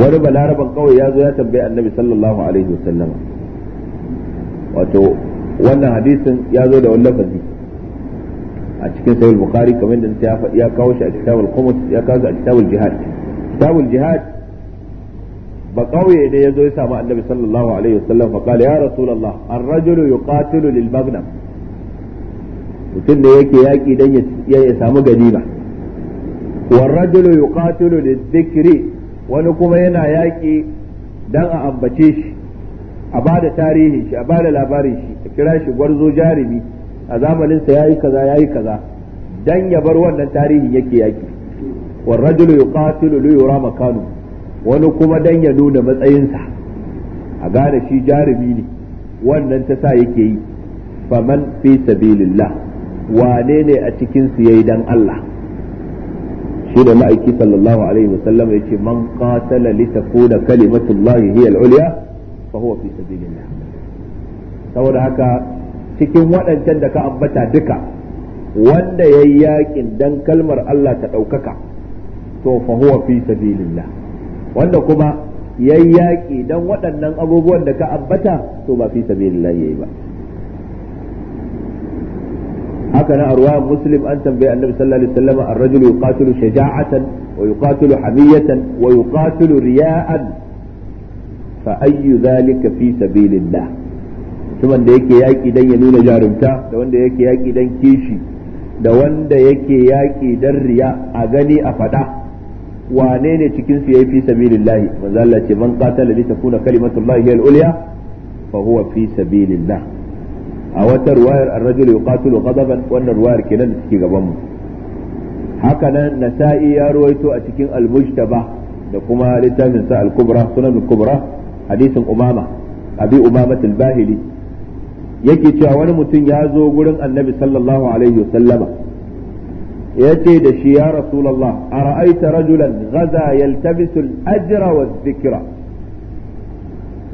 wani balaraban kawai ya zo ya tambayi annabi sallallahu alaihi wasallama wato wannan hadisin ya zo da wani lafazi a cikin sahih bukhari kamar da ya kawo shi a kitabul qumus ya kawo shi a kitabul jihad kitabul jihad ba kauye ne yazo ya samu annabi sallallahu alaihi wasallam fa qala ya rasulullah ar-rajulu yuqatilu lil magnam mutum da yake yaki dan ya samu ganima war rajulu yuqatilu lidh-dhikri wani kuma yana yaki dan a ambace shi a bada tarihin shi a bada labarin shi a kira shi gwarzo jarumi a zamanin sa yayi kaza yayi kaza dan ya bar wannan tarihin yake yaki war rajulu yuqatilu li yura makanu wani kuma dan ya nuna matsayinsa a gane shi jarumi ne wannan ta sa yake yi faman fi sabilillah wane ne a cikin su yayi dan Allah shi da ma'aiki sallallahu alaihi wasallam yace man qatala li takuna kalimatullahi hiya al-ulya fa huwa fi sabilillah saboda haka cikin waɗancan da ka ambata duka wanda yayi yakin dan kalmar Allah ta ɗaukaka to fa huwa fi sabilillah wanda kuma yayi yaki dan waɗannan abubuwan da ka ambata to ba fi sabilillah yayi ba haka na arwa muslim an tambaye annabi sallallahu alaihi wasallam ar-rajulu yuqatilu shaja'atan wa yuqatilu hamiyatan wa yuqatilu riya'an fa ayyu dhalika fi sabilillah mutumin da yake yaƙi dan ya nuna jarumta da wanda yake yaƙi dan kishi da wanda yake yaƙi dan riya a gani a faɗa. wane ne cikin su yayi fi sabilillahi manzo Allah ce man qatala li takuna kalimatullahi hiya al-ulya fa huwa fi sabilillah a wata ruwayar ar-rajul yuqatilu ghadaban wannan ruwayar kenan da take gaban mu haka nan nasa'i ya ruwaito a cikin al-mujtaba da kuma littafin sa al-kubra sunan al-kubra hadisin umama abi umama al-bahili yake cewa wani mutum ya zo gurin annabi sallallahu alaihi wasallama yace da shi ya rasulullah ara'aita rajulan ghaza yaltabisul ajra wa dhikra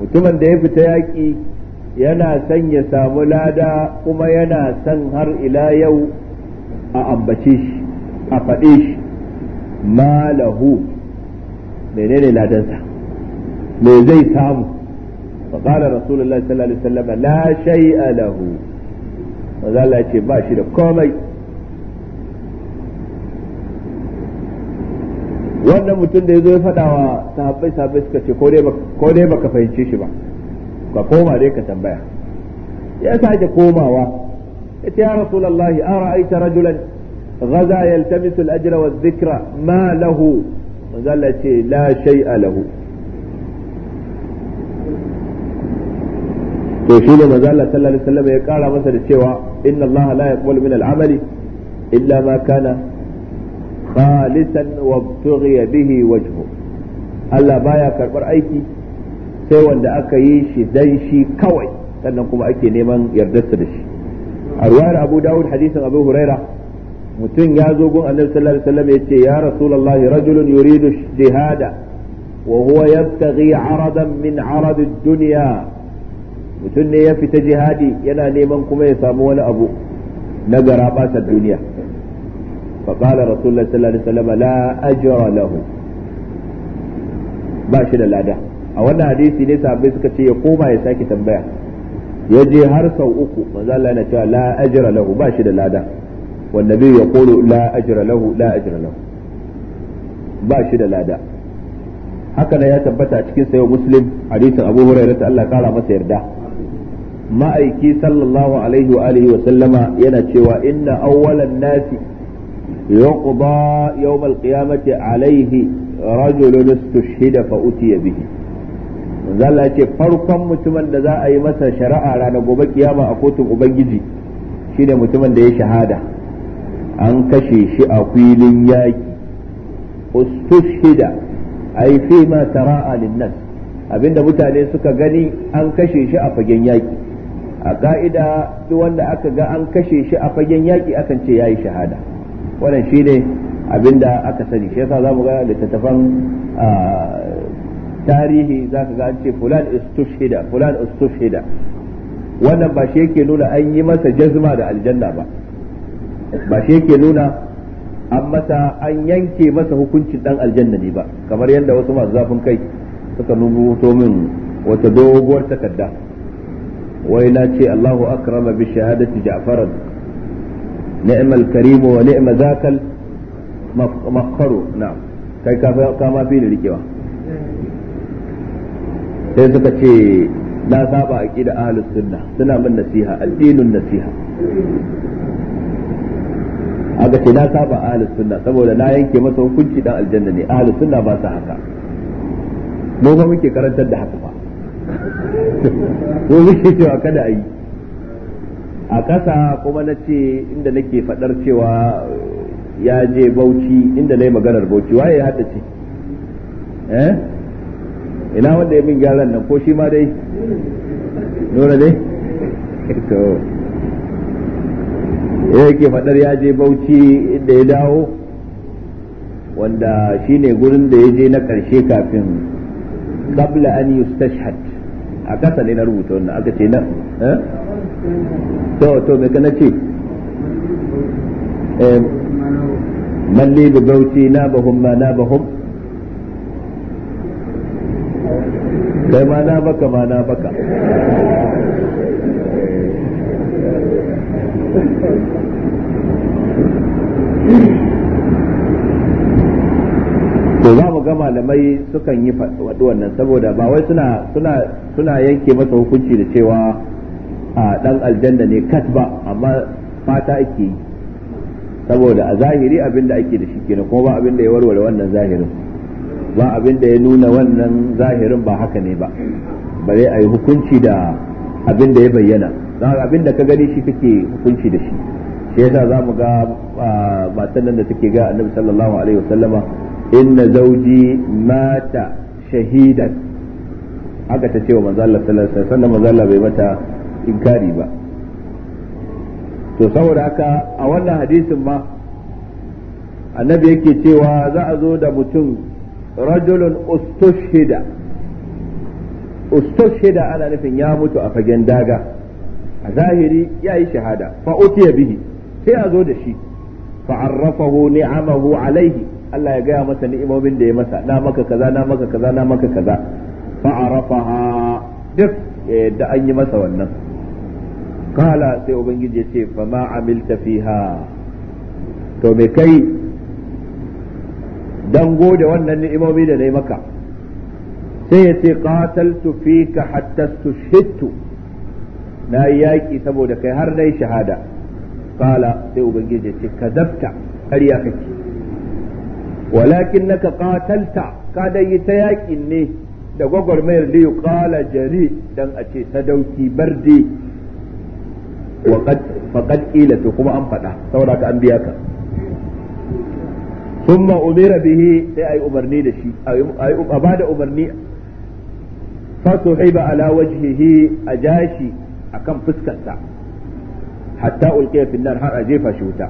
mutumin da ya fita yaƙi yana son ya samu lada kuma yana son har ila yau a ambace shi a faɗe shi malahu menene ladansa me zai samu Ba faƙalar rasulullah sallallahu alaihi wasallam la shay'a lahu maza Allah ce ba shi da komai wannan mutum da ya zo ya faɗa wa sahabbai sahabbai suka ce ko dai baka fahimce shi ba ka koma dai ka tambaya ya sake komawa ya ce ya rasulallahi a ra'aita rajulan gaza yaltamisu al-ajra wa dhikra ma lahu manzo ce la shay'a lahu to shi ne manzo Allah sallallahu alaihi wasallam ya kara masa da cewa inna Allah la yaqbalu min al-amali illa ma kana khalisan wa btughiya bihi wajhu Allah baya karbar aiki sai wanda aka yi shi dan shi kawai sannan kuma ake neman yardarsa da shi a ruwayar Abu Dawud hadisin Abu Huraira mutum ya zo gun Annabi sallallahu alaihi wasallam yace ya Rasulullahi rajulun yuridu jihada wa huwa yabtaghi aradan min arad ad-dunya ne ya fita jihadi yana neman kuma ya samu wani abu na garaɓasar duniya فقال رسول الله صلى الله عليه وسلم لا أجر له da lada. a wannan hadisi ne sahabbai suka ce ya koma ya sake tambaya ya je har sau uku manzo Allah yana cewa la ajra lahu ba shi da lada wanda bai ya kolo la ajra lahu la ajra lahu ba shi da lada haka ne ya tabbata cikin sayo muslim hadisin abu hurairah ta Allah kara masa yarda ma'aiki sallallahu alaihi wa alihi wa sallama yana cewa inna awwalan nasi يقضى يوم القيامة عليه رجل استشهد فأتي به zalla ce farkon mutumin da za a yi masa shari'a ranar gobe kiyama a kotun ubangiji shine mutumin da ya shahada an kashe shi a filin yaki ustushhida ay fi ma tara'a linnas abinda mutane suka gani an kashe shi a fagen yaki a ka'ida duk wanda aka ga an kashe shi a fagen yaki akan ce yayi shahada wannan shine abinda aka sani shi yasa zamu ga littattafan tarihi za ka ga an ce fulan istushida fulan istushida wannan ba shi yake nuna an yi masa jazma da aljanna ba ba shi yake nuna an masa an yanke masa hukuncin dan aljanna ne ba kamar yadda wasu masu zafin kai suka rubuto min wata doguwar takarda wai na ce Allahu akrama bi shahadati Ja'far نعم الكريم ونعم ذاك المفخر نعم كي كما في للكوا sai suka ce na saba a da ahalus sunna suna min nasiha addinin nasiha aka ce na saba ahalus sunna saboda na yanke masa hukunci dan aljanna ne ahalus sunna ba su haka mu ba muke karantar da haka ba mu muke cewa kada a yi a ƙasa kuma na ce inda nake faɗar cewa ya je bauchi inda na yi maganar bauchi waye ya haddace eh ina wanda ya min gyaran nan ko shi ma dai nuna ne to yake faɗar ya je bauchi inda ya dawo wanda shi ne gurin da ya je na ƙarshe kafin qabla an yustashhad a ƙasa ne na rubuta wannan aka ce na eh to to me kana eh, malli da bauchi na bahum ma na bahum kai ma na baka ma na baka to za mu ga malamai sukan yi faɗi wannan saboda ba wai suna suna yanke masa hukunci da cewa a dan aljanna ne kat ba amma fata ake yi saboda a zahiri abinda ake da shi kenan kuma ba abinda ya warware wannan zahirin ba abinda ya nuna wannan zahirin ba haka ne ba bare a yi hukunci da abinda ya bayyana don abinda ka gani shi kake hukunci da shi shi yasa za mu ga matan nan da take ga annabi sallallahu alaihi wasallama inna zauji mata shahidan haka ta ce wa manzo Allah sallallahu alaihi wasallam manzo Allah bai mata inkari ba to saboda haka a wannan hadisin ma annabi yake cewa za a zo da mutum rajulun ustushida ustushida ana nufin ya mutu a fagen daga a zahiri ya yi shahada fa bihi sai a zo da shi fa arrafahu ni'amahu alaihi Allah ya gaya masa ni'imomin da ya masa na maka kaza na maka kaza na maka kaza fa arafaha duk da an yi masa wannan kala sai ubangiji ce fa ma amilta fiha to me kai dan gode wannan ni'imomi da nayi maka sai ya ce qataltu fika hatta tushhitu na yaki saboda kai har nayi shahada kala sai ubangiji ya ce kadabta kariya kake walakin naka qatalta ka dai yi ta yakin ne da gwagwarmayar liyu kala jari dan a ce sadauki bardi wa qad faqad qila to kuma an faɗa saboda ka an biya ka thumma umira bihi sai ayi umarni da shi a bada umarni fa suhiba ala wajhihi a jashi akan fuskarsa hatta ulqiya fi nar har a jefa shi wuta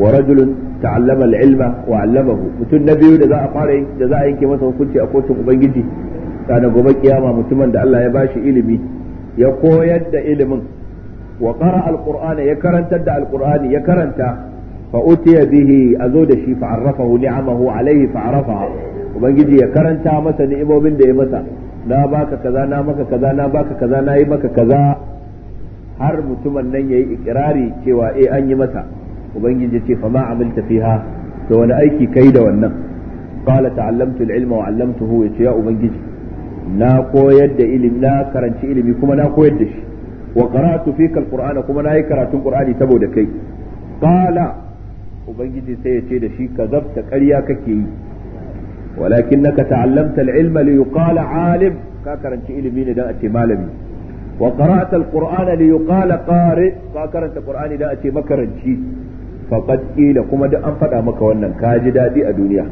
wa rajulun ta'allama ilma wa 'allamahu mutum na biyu da za a yanke masa hukunci a kotun ubangiji kana gobe kiyama mutumin da Allah ya bashi ilimi ya koyar da ilimin wa qara alqur'ana ya karantar da alƙur'ani ya karanta fa utiya bihi zo da shi fa'arrafa arrafahu ni'amahu alayhi fa ubangiji ya karanta masa ni'imomin da ya masa na baka kaza na maka kaza na baka kaza na yi maka kaza har mutumin nan yayi ikirari cewa eh an yi masa ubangiji ce fa ma amilta fiha to wani aiki kai da wannan qala ta'allamtu al-ilma wa 'allamtuhu ya ubangiji na koyar da ilimi na karanci ilimi kuma na koyar da shi wa qara'tu fika kuma na yi karatun qur'ani saboda kai qala ubangiji sai ya ce da shi kazabta ƙarya kake yi walakin naka ta'allamta alilma li yuqala alim ka karanci ilimi ne dan a ce malami wa qara'ta alqur'ana li qari ka karanta qur'ani dan a ce makaranci faqad qila kuma duk an faɗa maka wannan ka ji a duniya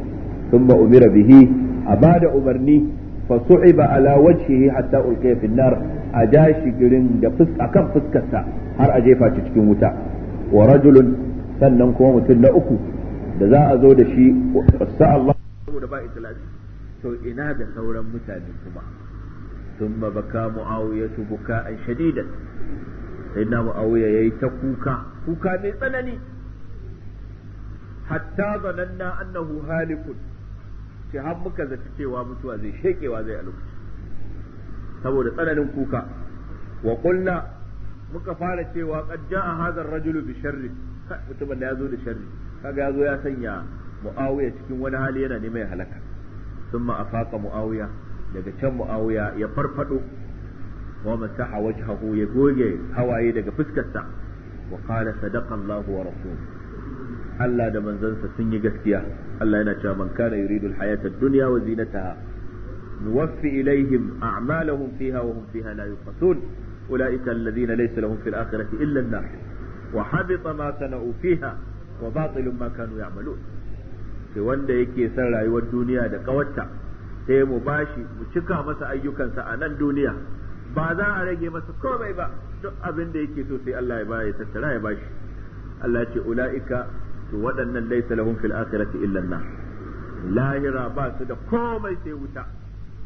thumma umira bihi a bada umarni fa su'iba ala wajhihi hatta ulqiya fi nar a ja shi girin da fuska akan har a jefa shi cikin wuta wa rajulun sannan kuma mutum na uku da za a zo da shi sa Allah saboda ba itlafi to ina da sauran mutane kuma ثم na معاوية بكاء شديدا سيدنا معاوية يتكوكا كوكا من tsanani. حتى ظننا أنه هالك ce har muka zaci cewa mutuwa zai shekewa zai a lokaci saboda tsananin kuka wa muka fara cewa qad jaa hadha ar-rajulu bi sharri mutumin da yazo da sharri kaga yazo ya sanya muawiya cikin wani hali yana neman halaka thumma afaqa muawiya daga can muawiya ya farfado wa masaha wajhahu ya goge hawaye daga fuskarsa wa qala sadaqa Allahu wa rasuluhu Allah da manzansa sun yi gaskiya Allah yana cewa man kana yuridu al-hayata ad-dunya wa zinataha nuwaffi ilaihim a'malahum fiha wa hum fiha la yubqasun ulaika alladhina laysa lahum fil akhirati illa an-nar wa habita ma sana'u fiha wa batilun ma kanu ya'malun sai wanda yake son rayuwar duniya da kawarta sai mu bashi mu cika masa ayyukansa a nan duniya ba za a rage masa komai ba duk abin da yake so sai Allah ya ba ya tattara ya bashi Allah ya ce ula'ika to waɗannan laisa lahum fil akhirati illa an lahira ba su da komai sai wuta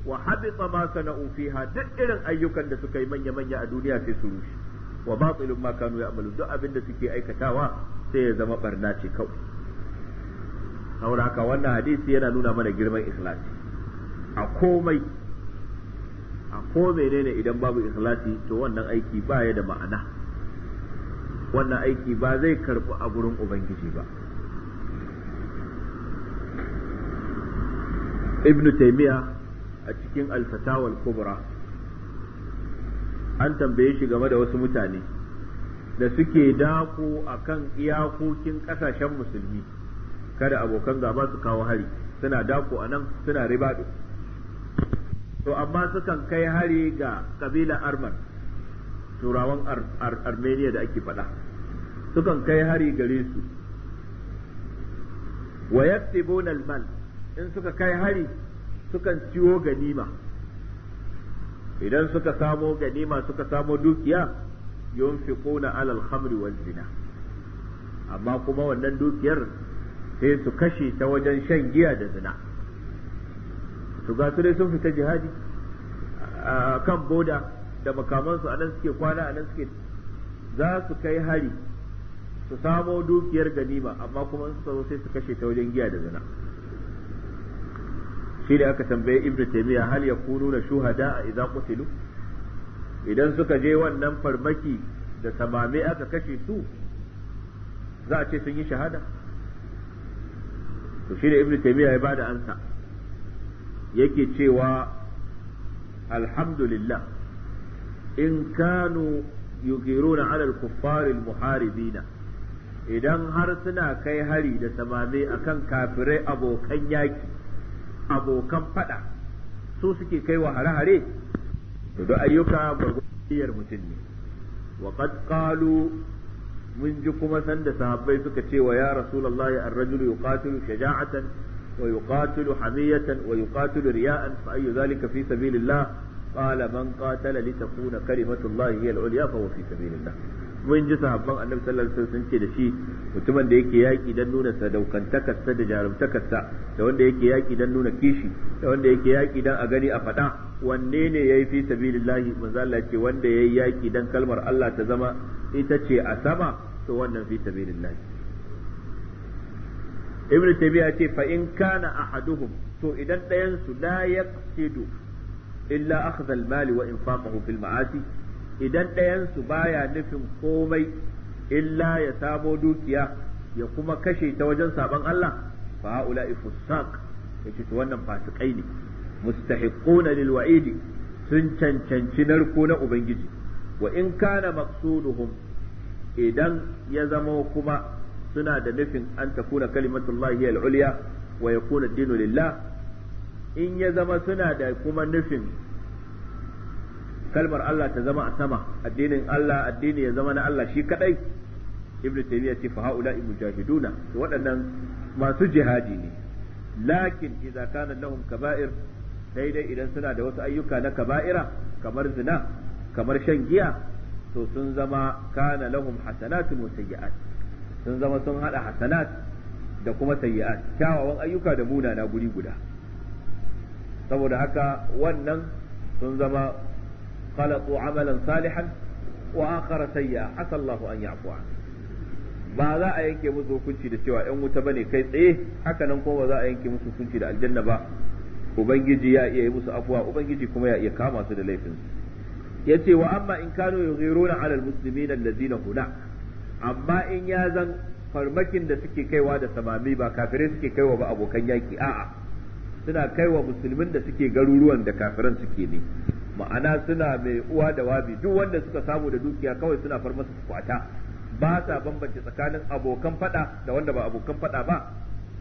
wa habita ma sana'u fiha duk irin ayyukan da suka yi manya manya a duniya sai su rushe wa batilun ma kanu ya'malu duk abin da suke aikatawa sai ya zama barna ce kawai saboda wannan hadisi yana nuna mana girman ikhlasi a komai a ko menene idan babu ikhlasi to wannan aiki baya da ma'ana wannan aiki ba zai karɓi a gurin ubangiji ba Ibnu taymiya a cikin alfatawal kubra an tambaye shi game da wasu mutane da suke dako a kan iyakokin ƙasashen musulmi kada abokan gaba su kawo hari suna dako a nan suna ribaɗo. to amma sukan kai hari ga ƙabilar arman turawan armenia da ake faɗa sukan kai hari gare su wa yaktibuna in suka kai hari sukan ciwo ganima idan suka samo ganima suka samo dukiya yunfiquna alal khamri wal zina amma kuma wannan dukiyar sai su kashe ta wajen shan giya da zina su ga su sun fita jihadi a kan boda da makamansu a nan suke kwana a suke za su kai hari su samo dukiyar ganima amma kuma su sai su kashe ta wajen giya da zina shi da aka tambaye ibnu taymiya hal yakunu la shuhada a qutilu idan suka je wannan farmaki da samame aka kashe su za a ce sun yi shahada to shi da ibnu taymiya ya bada ansa yake cewa alhamdulillah in kanu yugiruna ala al-kuffar al-muharibina idan har suna kai hari da samame akan kafirai abokan yaki abokan fada su suke kai wa hare-hare da ayyuka gwargwadiyar mutum ne wa qad mun ji kuma sanda sahabbai suka ce wa ya rasulullahi ar-rajulu yuqatilu shaja'atan wa yuqatilu hamiyatan wa yuqatilu riya'an fa ayyu zalika fi sabilillah qala man qatala litakuna kalimatullahi hiya al-ulya fa huwa fi sabilillah mun ji sahabban annabi sallallahu alaihi wasallam sun ce da shi mutumin da yake yaki dan nuna sadaukantakarsa da jarumtakarsa da wanda yake yaki dan nuna kishi da wanda yake yaki dan a gani a faɗa wanne ne yayi fi sabilillahi manzo Allah ce wanda yayi yaki dan kalmar Allah ta zama ita ce a sama to wannan fi sabilillahi ibn tabi'a ce fa in kana ahaduhum to idan ɗayan su la yaqsidu illa akhdha al-mali wa infaqahu fil ma'asi idan ɗayansu baya nufin komai illa ya samo dukiya ya kuma kashe ta wajen sabon Allah fa haula ifusaq yace to wannan fasikai ne mustahiquna lil wa'idi sun cancanci narko na ubangiji wa in kana maqsuduhum idan ya zama kuma suna da nufin an takuna kalimatullahi al-ulya wa yakuna dinu lillah in ya zama suna da kuma nufin kalmar Allah ta zama a sama addinin Allah addini ya zama na Allah shi kadai ibn taymiya ce fa haula mujahiduna to waɗannan masu jihadi ne lakin idza kana lahum kaba'ir daidai idan suna da wasu ayyuka na kaba'ira kamar zina kamar shan giya to sun zama kana lahum hasanatun wa sayyi'at sun zama sun hada hasanat da kuma sayyi'at kyawawan ayyuka da na guri guda saboda haka wannan sun zama خلقوا عملا صالحا واخر سيئا عسى الله ان يعفو عنه ba za a yanke musu hukunci da cewa ‘yan wuta bane kai tsaye haka nan kuma ba za a yanke musu hukunci da aljanna ba ubangiji ya iya yi musu afuwa ubangiji kuma ya iya kama su da laifin ya ce wa amma in kano yughiruna alal almuslimin alladhina huna amma in ya zan farmakin da suke kaiwa da samami ba kafirai suke kaiwa ba abokan yaki a'a suna kaiwa musulmin da suke garuruwan da kafiran suke ne ma'ana suna mai uwa da wabi duk wanda suka samu da dukiya kawai suna far masa kwata ba sa bambance tsakanin abokan fada da wanda ba abokan fada ba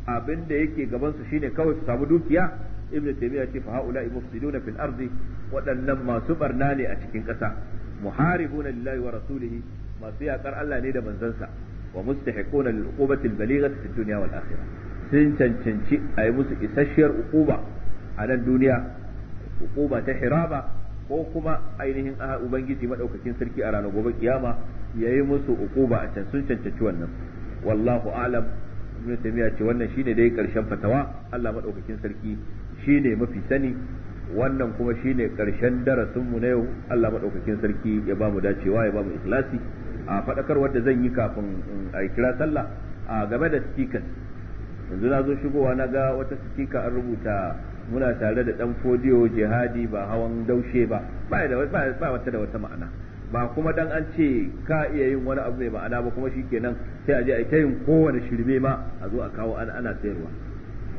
abin da yake gaban su shine kawai su samu dukiya ibn taymiya ce fa haula mufsiduna fil ardi waɗannan masu barna ne a cikin ƙasa muharibuna lillahi wa rasulihi masu yakar Allah ne da sa wa mustahiquna lil uqubati al balighati fid dunya wal akhirah sun cancanci a musu isasshiyar uquba a nan duniya uquba ta hiraba ko kuma ainihin ah, ubangiji madaukakin sarki a ranar gobe kiyama yi musu ukuba a can sun cancanci wannan wallahu a'lam ibnu taymiya ce wannan shine dai karshen fatawa Allah madaukakin sarki shine mafi sani wannan kuma shine karshen darasin mu na yau Allah madaukakin sarki ya ba mu dacewa ya ba mu ikhlasi a fadakar wanda zan yi kafin mm, a kira sallah a game da stickers yanzu na zo shigowa na ga wata stika an rubuta muna tare da dan fodiyo jihadi ba hawan daushe ba ba da ba wata da wata ma'ana ba kuma dan an ce ka iya yin wani abu mai ma'ana ba kuma shikenan sai a je a yin kowane shirme ma a zo a kawo ana ana sayarwa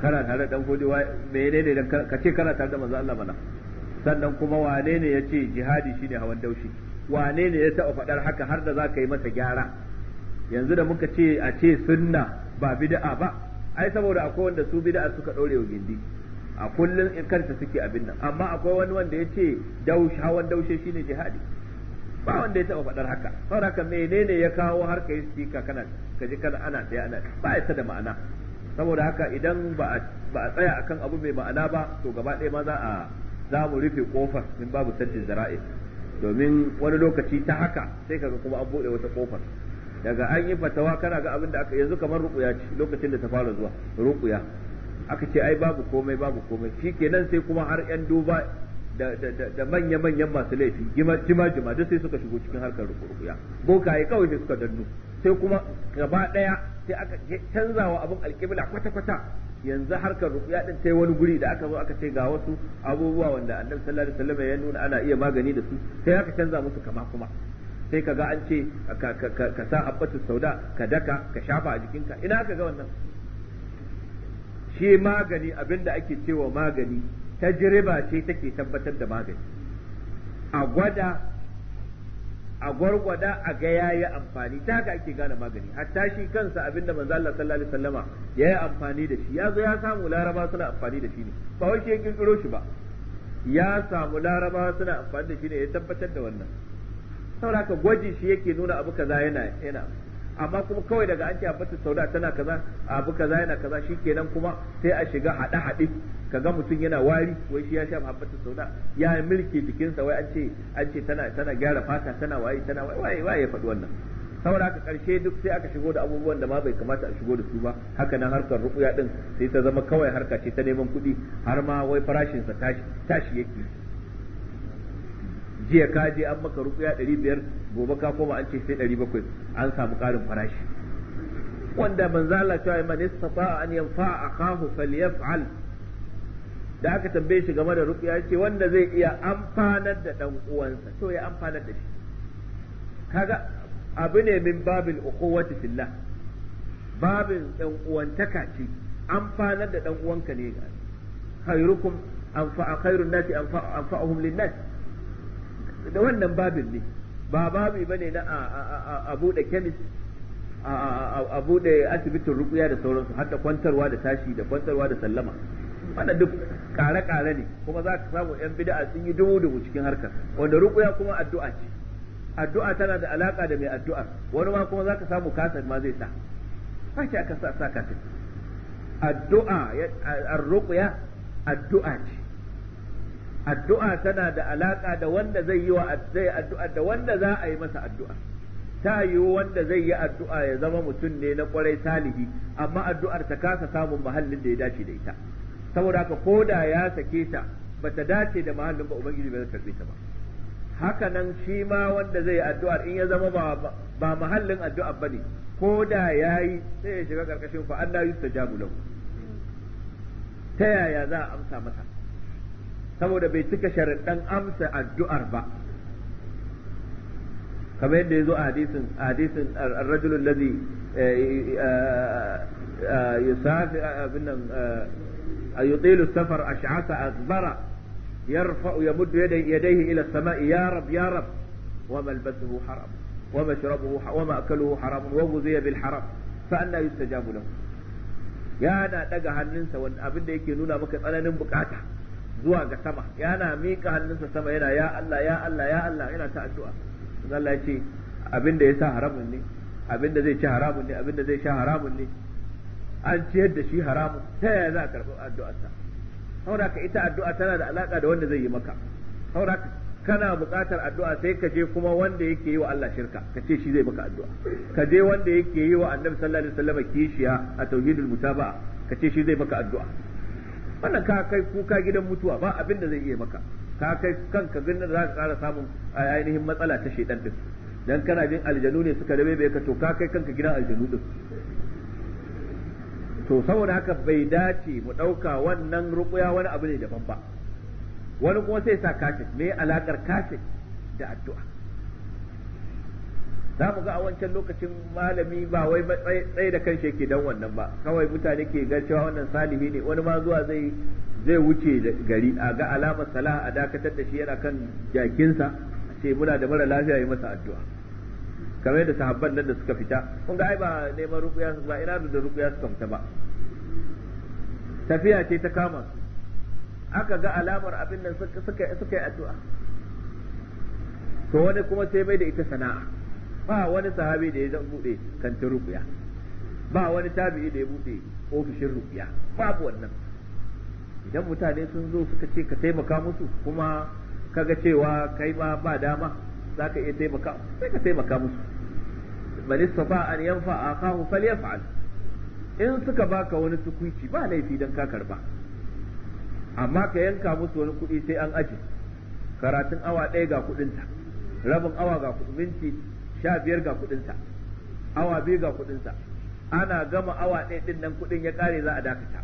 kana tare da dan fodiyo menene dan ka ce kana tare da manzo Allah mana sannan kuma wane ne yace jihadi shine hawan daushe wane ne ya taɓa faɗar haka har da za ka yi mata gyara yanzu da muka ce a ce sunna ba bid'a ba ai saboda akwai wanda su bid'a suka ɗore wa gindi a kullum in suke abin nan amma akwai wani wanda ya ce hawan daushe shine jihadi ba wanda ya taba faɗar haka saboda haka menene ya kawo har ka yi sika kana ka ji kana ana ɗaya ana ba ya da ma'ana saboda haka idan ba a tsaya akan abu mai ma'ana ba to gaba ɗaya ma za a za mu rufe kofar min babu saddin zara'i domin wani lokaci ta haka sai kaga kuma an buɗe wata kofar daga an yi fatawa kana ga abin da aka yanzu kamar rukuya ce lokacin da ta fara zuwa rukuya aka ce ai babu komai babu komai shikenan sai kuma har yan duba da manya manyan masu laifi jima jima duk sai suka shigo cikin harkar rukuya bokaye kawai sai suka dannu sai kuma gaba daya sai aka canza wa abin alkibla kwata kwata yanzu harkar rukuya din sai wani guri da aka zo aka ce ga wasu abubuwa wanda annabi sallallahu alaihi wasallam ya nuna ana iya magani da su sai aka canza musu kama kuma sai ka ga an ce ka sa abbatu sauda ka daka ka shafa a jikinka ina ka ga wannan shi magani abinda ake cewa magani tajriba ce take tabbatar da magani a gwada a gwargwada a ga yayi amfani ta ga ake gane magani hatta shi kansa abinda manzo Allah sallallahu alaihi wasallama yayi amfani da shi Ya zo ya samu laraba suna amfani da shi ne ba wai shi ya kirkiro shi ba ya samu laraba suna amfani da shi ne ya tabbatar da wannan saboda haka gwaji shi yake nuna abu kaza yana yana amma kuma kawai daga an ce abbasu sauda tana kaza abu kaza yana kaza shikenan kuma sai a shiga hada hade kaga mutum yana wari wai shi ya sha abbasu sauda ya milke jikinsa wai an ce an ce tana tana gyara fata tana waye tana waye waye ya faɗi wannan saboda haka karshe duk sai aka shigo da abubuwan da ma bai kamata a shigo da su ba haka nan harkar rukuya din sai ta zama kawai harka ce ta neman kuɗi har ma wai farashinsa tashi tashi yake jiya ka je an maka rubuya ɗari biyar gobe ka koma an ce sai ɗari bakwai an samu ƙarin farashi wanda manzo Allah cewa man istata an yanfa akahu falyaf'al da aka tambaye shi game da ruqya yace wanda zai iya amfanar da dan uwansa to ya amfanar da shi kaga abu ne min babil uquwati fillah babin dan uwantaka ce amfanar da dan uwanka ne ga khairukum anfa khairun nasi anfa'uhum lin-nas da wannan babin ne ba babi bane na a bude kemis a bude asibitin rukuya da sauransu har da kwantarwa da tashi da kwantarwa da sallama wannan duk kare-kare ne kuma za ka samu yan bid'a sun yi dubu dubu cikin harkar wanda rukuya kuma addu'a ce addu'a tana da alaka da mai addu'a wani ma kuma za ka samu kasar ma zai sa sake aka sa sa addu'a ar-ruqya addu'a ce addu'a tana da alaka da wanda zai yi wa addu'a da wanda za a yi masa addu'a ta yi wanda zai yi addu'a ya zama mutum ne na kwarai salihi amma addu'ar ta kasa samun mahallin da ya dace da ita saboda haka koda ya sake ta ba ta dace da mahallin ba ubangiji bai karbe ta ba haka nan shi ma wanda zai yi addu'ar in ya zama ba ba mahallin ba bane ko da yayi sai ya shiga karkashin fa Allah yustajabu lahu ta yaya za a amsa masa saboda bai cika sharaɗin amsa addu'ar ba kamar yadda ya zo a hadisin a hadisin ar-rajul allazi eh, eh, eh, yusafi abin nan yutilu safar ash'asa akbara yarfa yamuddu yadayhi ila samai ya rab ya rab wa malbasuhu haram wa mashrabuhu wa ma'kaluhu haram wa ghuziya bil haram fa anna yustajabu lahu ya na daga hannunsa wanda abin da yake nuna maka tsananin bukata zuwa ga sama yana miƙa hannunsa sama yana ya Allah ya Allah ya Allah yana ta addu'a Allah ya ce abinda ya sa haramun ne da zai ci haramun ne da zai sha haramun ne an ciyar da shi haramun ta yaya za a karɓi addu'arsa saboda ka ita addu'a tana da alaka da wanda zai yi maka saboda kana buƙatar addu'a sai ka je kuma wanda yake yi wa Allah shirka ka ce shi zai maka addu'a ka je wanda yake yi wa Annabi sallallahu alaihi wasallam kishiya a tauhidul mutaba'a ka ce shi zai maka addu'a wannan ka kai kuka gidan mutuwa ba abin da zai iya maka ka kai kanka gindin za ka kara samun ainihin matsala ta shedan din dan kana bin aljanu ne suka rabe bai ka to ka kai kanka gidan aljanu din to saboda haka bai dace mu dauka wannan rukuya wani abu ne daban ba wani kuma sai sa kashin me alakar kashin da addu'a za mu ga a wancan lokacin malami ba wai tsaye da kanshi yake dan wannan ba kawai mutane ke ga cewa wannan salihi ne wani ma zuwa zai zai wuce gari a ga alamar salaha a dakatar da shi yana kan jakinsa a ce muna da mara lafiya yi masa addu'a kamar yadda sahabban nan da suka fita kun ga ai ba neman rukuya ba ina da rukuya suka fita ba tafiya ce ta kama aka ga alamar abin nan suka suka yi addu'a to wani kuma sai bai da ita sana'a ba wani sahabi da ya bude kantin rukuya ba wani tabi'i da ya bude ofishin ruqya babu wannan idan mutane sun zo suka ce ka taimaka musu kuma kaga cewa kai ma ba dama za ka iya taimaka sai ka taimaka musu man istafa an yanfa akahu falyaf'al in suka baka wani tukuici ba laifi dan ka karba amma ka yanka musu wani kuɗi sai an aje karatun awa ɗaya ga kuɗinta rabin awa ga kuɗi minti sha biyar ga sa awa biyu ga sa ana gama awa ɗaya din nan kuɗin ya ƙare za a dakata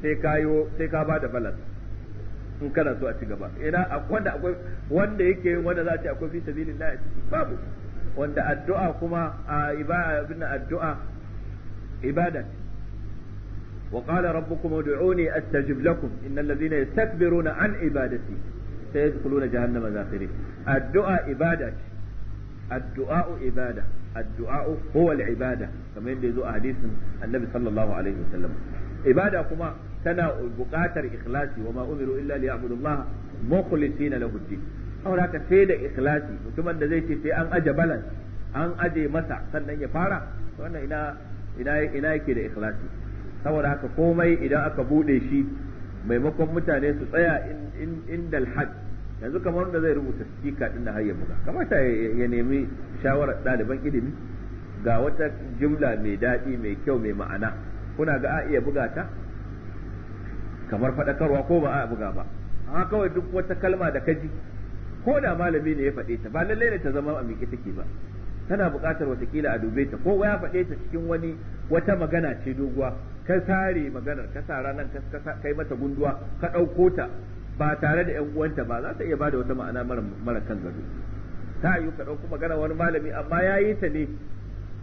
sai kayo sai ka ba da balas in kana so a ci gaba ina wanda akwai wanda yake wanda za a ce akwai fi sabilillah ciki babu wanda addu'a kuma a ibada addu'a ibada wa qala rabbukum ud'uni astajib lakum innal ladhina yastakbiruna an ibadati sayadkhuluna jahannama zakhirin addu'a ibada addu'a ibada addu'a huwa al-ibada kamar yadda yazo a hadisin annabi sallallahu alaihi wasallam ibada kuma tana buƙatar ikhlasi wa ma umiru illa liya'budu Allah mukhlisina lahu ad-din saboda haka sai da ikhlasi mutumin da zai ce sai an aje balan an aje masa sannan ya fara wannan ina ina ina yake da ikhlasi saboda haka komai idan aka bude shi maimakon mutane su tsaya indal hajj yanzu kamar wanda zai rubuta stika din da har ya buga ta ya nemi shawarar ɗaliban ilimi ga wata jumla mai daɗi mai kyau mai ma'ana kuna ga a iya buga ta kamar faɗakarwa ko ba a buga ba amma kawai duk wata kalma da kaji ko da malami ne ya faɗe ta ba lallai ne ta zama a miƙe take ba tana buƙatar watakila a dube ta ko ya faɗe ta cikin wani wata magana ce doguwa ka sare maganar ka sa ranar ka kai mata gunduwa ka ɗauko ta ba tare da yan uwanta ba za ta iya bada wata ma'ana mara kan gado ta yi ka ɗauko magana wani malami amma ya yi ta ne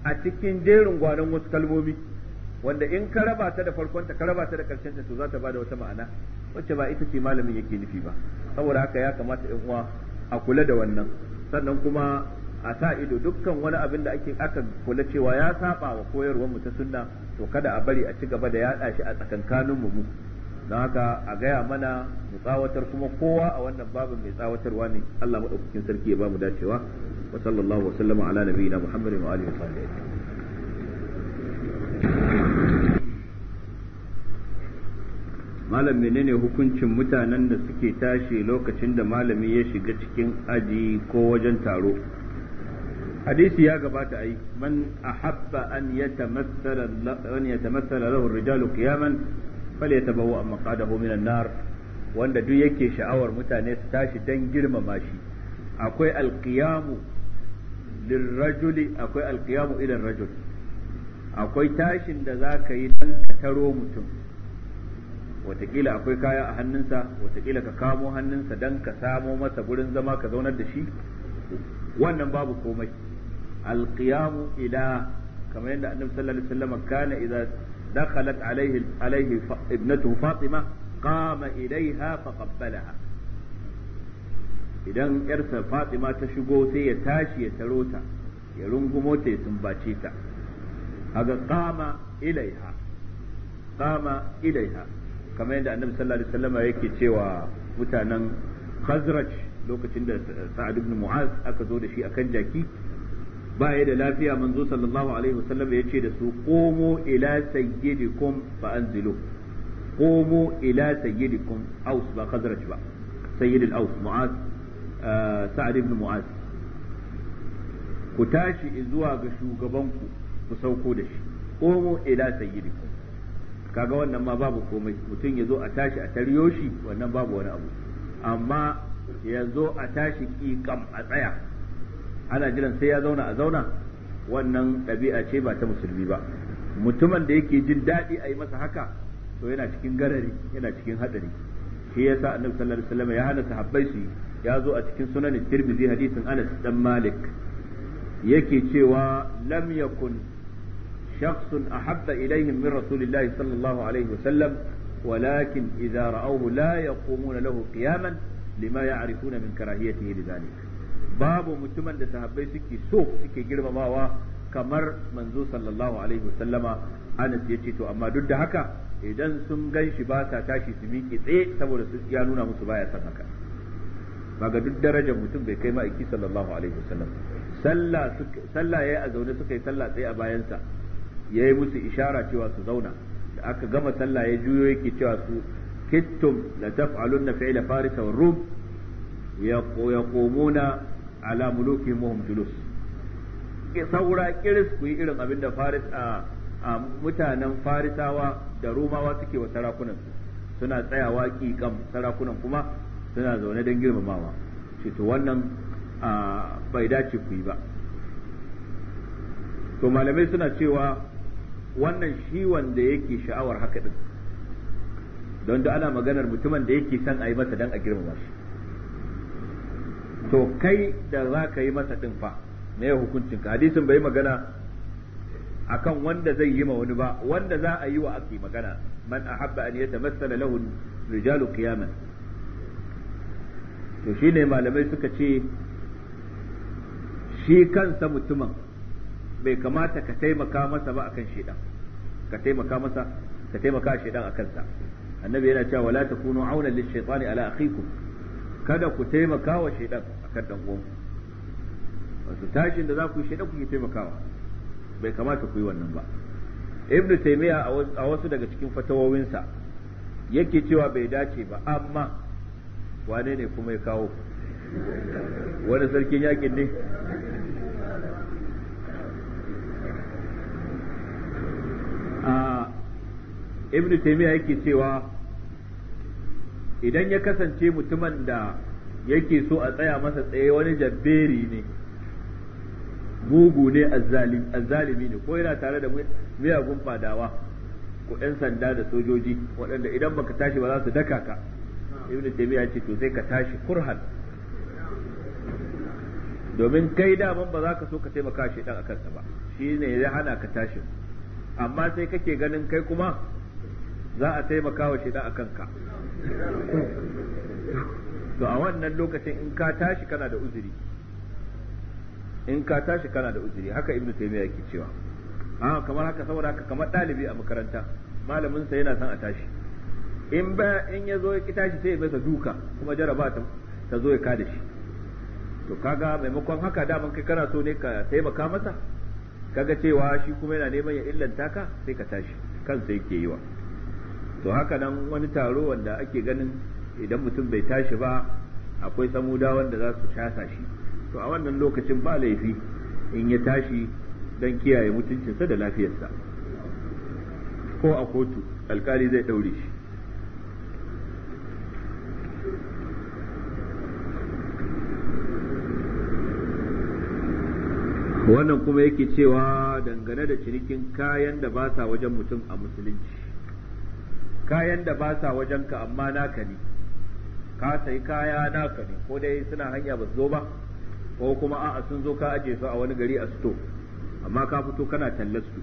a cikin jerin gwanon wasu kalmomi wanda in ka raba ta da farkon ta ka raba ta da karshen ta to za ta bada wata ma'ana wacce ba ita ce malamin yake nufi ba saboda haka ya kamata yan uwa a kula da wannan sannan kuma a sa ido dukkan wani abin da ake aka kula cewa ya saba wa koyarwar mu ta sunna to kada a bari a ci gaba da yada shi a tsakankanin mu don haka a gaya mana mu tsawatar kuma kowa a wannan babin mai tsawatarwa ne Allah madaukakin sarki ya bamu dacewa wa sallallahu wa sallama ala nabiyina muhammadin wa alihi wa malam menene hukuncin mutanen da suke tashi lokacin da malami ya shiga cikin aji ko wajen taro hadisi ya gabata ai man ahabba an yatamassala an yatamassala lahu ar-rijalu qiyaman falyatabawa amma qadahu minan nar wanda duk yake sha'awar mutane su tashi dan girmama shi akwai alqiyamu lirrajuli akwai alqiyamu ila rajul akwai tashin da za ka yi dan ka taro mutum watakila akwai kaya a hannunsa watakila ka kamo hannunsa dan ka samo masa gurin zama ka zaunar da shi wannan babu komai alqiyamu ila kamar yadda annabi sallallahu alaihi wasallam kana idza دخلت عليه عليه ابنته فاطمة قام إليها فقبلها idan yarsa fatima ta shigo sai ya tashi ya taro ta ya rungumo ya sumbace ta aga qama ilaiha qama ilaiha kamar yadda annabi sallallahu alaihi wasallam yake cewa mutanen khazraj lokacin da sa'ad ibn mu'az aka zo da shi a kan jaki ba ya da lafiya manzo sallallahu alaihi wasallam ya ce da su komo ila sayyidikum fa anzilu komo ila sayyidikum aus ba khazraj ba sayyid al-aus mu'az uh, sa'ad ibn mu'az ku tashi zuwa ga shugabanku ku sauko da shi komo ila sayyidikum kaga wannan ma babu komai mutum ya zo a tashi a taryo shi wannan babu wani abu amma ya zo a tashi kikam a tsaya ana jiran sai ya zauna a zauna wannan ɗabi'a ce ba ta musulmi ba mutumin da yake jin daɗi a yi masa haka to yana cikin garari yana cikin haɗari shi sa annabi sallallahu alaihi wasallam ya hana sahabbai su ya zo a cikin sunan tirmidhi hadisin Anas dan Malik yake cewa lam yakun shakhsun ahabba ilaihim min rasulillahi sallallahu alaihi wasallam ولكن إذا رأوه لا يقومون له قياما لما يعرفون من كراهيته لذلك babu mutumin da sahabbai suke so suke girmamawa kamar manzo sallallahu alaihi wasallama Anas ya ce to amma duk da haka idan sun gan shi ba ta tashi su miƙe tsaye saboda su ya nuna musu baya son haka ga duk darajar mutum bai kai ma'aiki sallallahu alaihi wasallam sallah ya yi a zaune suka yi sallah tsaye a bayansa ya yi musu ishara cewa su zauna da aka gama sallah ya juyo yake cewa su kittum la taf'alunna fi'la farisa war rum yaqumuna ala muluki muhum julus saura kiris ku yi irin abin da faris a mutanen farisawa da romawa suke wa sarakunan suna tsayawa kikam sarakunan kuma suna zaune don girmamawa ce to wannan bai dace ku yi ba to malamai suna cewa wannan shi wanda yake sha'awar haka din don da ana maganar mutumin da yake son a yi masa dan a girmama shi to kai da za ka yi masa ɗin fa me hukuncin ka hadisin bai magana akan wanda zai yi ma wani ba wanda za a yi wa aki magana man ahabba an yatamassala lahu rijalu qiyaman to shine malamai suka ce shi kansa mutumin bai kamata ka taimaka masa ba akan shedan ka taimaka masa ka taimaka shedan akan sa annabi yana cewa wala takunu auna lishaytani ala akhikum kada ku taimaka wa shaidan kan dan uwanku wato tashin da za ku yi shaidan ku taimakawa bai kamata ku yi wannan ba ibnu taymiya a wasu daga cikin fatawowinsa yake cewa bai dace ba amma wane ne kuma ya kawo wani sarkin yakin ne ah, ibnu taymiya yake cewa idan ya kasance mutumin da yake so a tsaya masa tsaye wani jabberi ne mugu ne azzalimi ne ko yana tare da miyagun fadawa ko 'yan sanda da sojoji waɗanda idan baka tashi ba za su daka ka ibn taymiya ce to sai ka tashi kurhan domin kai daman ba za ka so ka taimaka shi dan akan ba shi ne ya hana ka tashi amma sai kake ganin kai kuma za a taimaka wa shi dan akan ka to a wannan lokacin in ka tashi kana da uzuri in ka tashi kana da uzuri haka ibnu taymiya yake cewa ah kamar haka saboda haka kamar dalibi a makaranta malamin sa yana son a tashi in ba in ya zo ya ki sai ya masa duka kuma jaraba ta ta zo ya kada shi to kaga maimakon haka daman kai kana so ne ka taimaka masa kaga cewa shi kuma yana neman ya illanta ka sai ka tashi kansa yake yi wa to haka nan wani taro wanda ake ganin idan mutum bai tashi ba akwai samuda wanda za su shasa shi to a wannan lokacin ba laifi in ya tashi don kiyaye mutuncinsa da lafiyarsa ko a kotu alkali zai ɗaure shi wannan kuma yake cewa dangane da cinikin kayan da ba sa wajen mutum a musulunci kayan da ba sa wajenka amma naka ne ka sayi kaya naka ne ko dai suna hanya ba zo ba ko kuma a'a sun zo ka aje su a wani gari a sto amma ka fito kana tallar su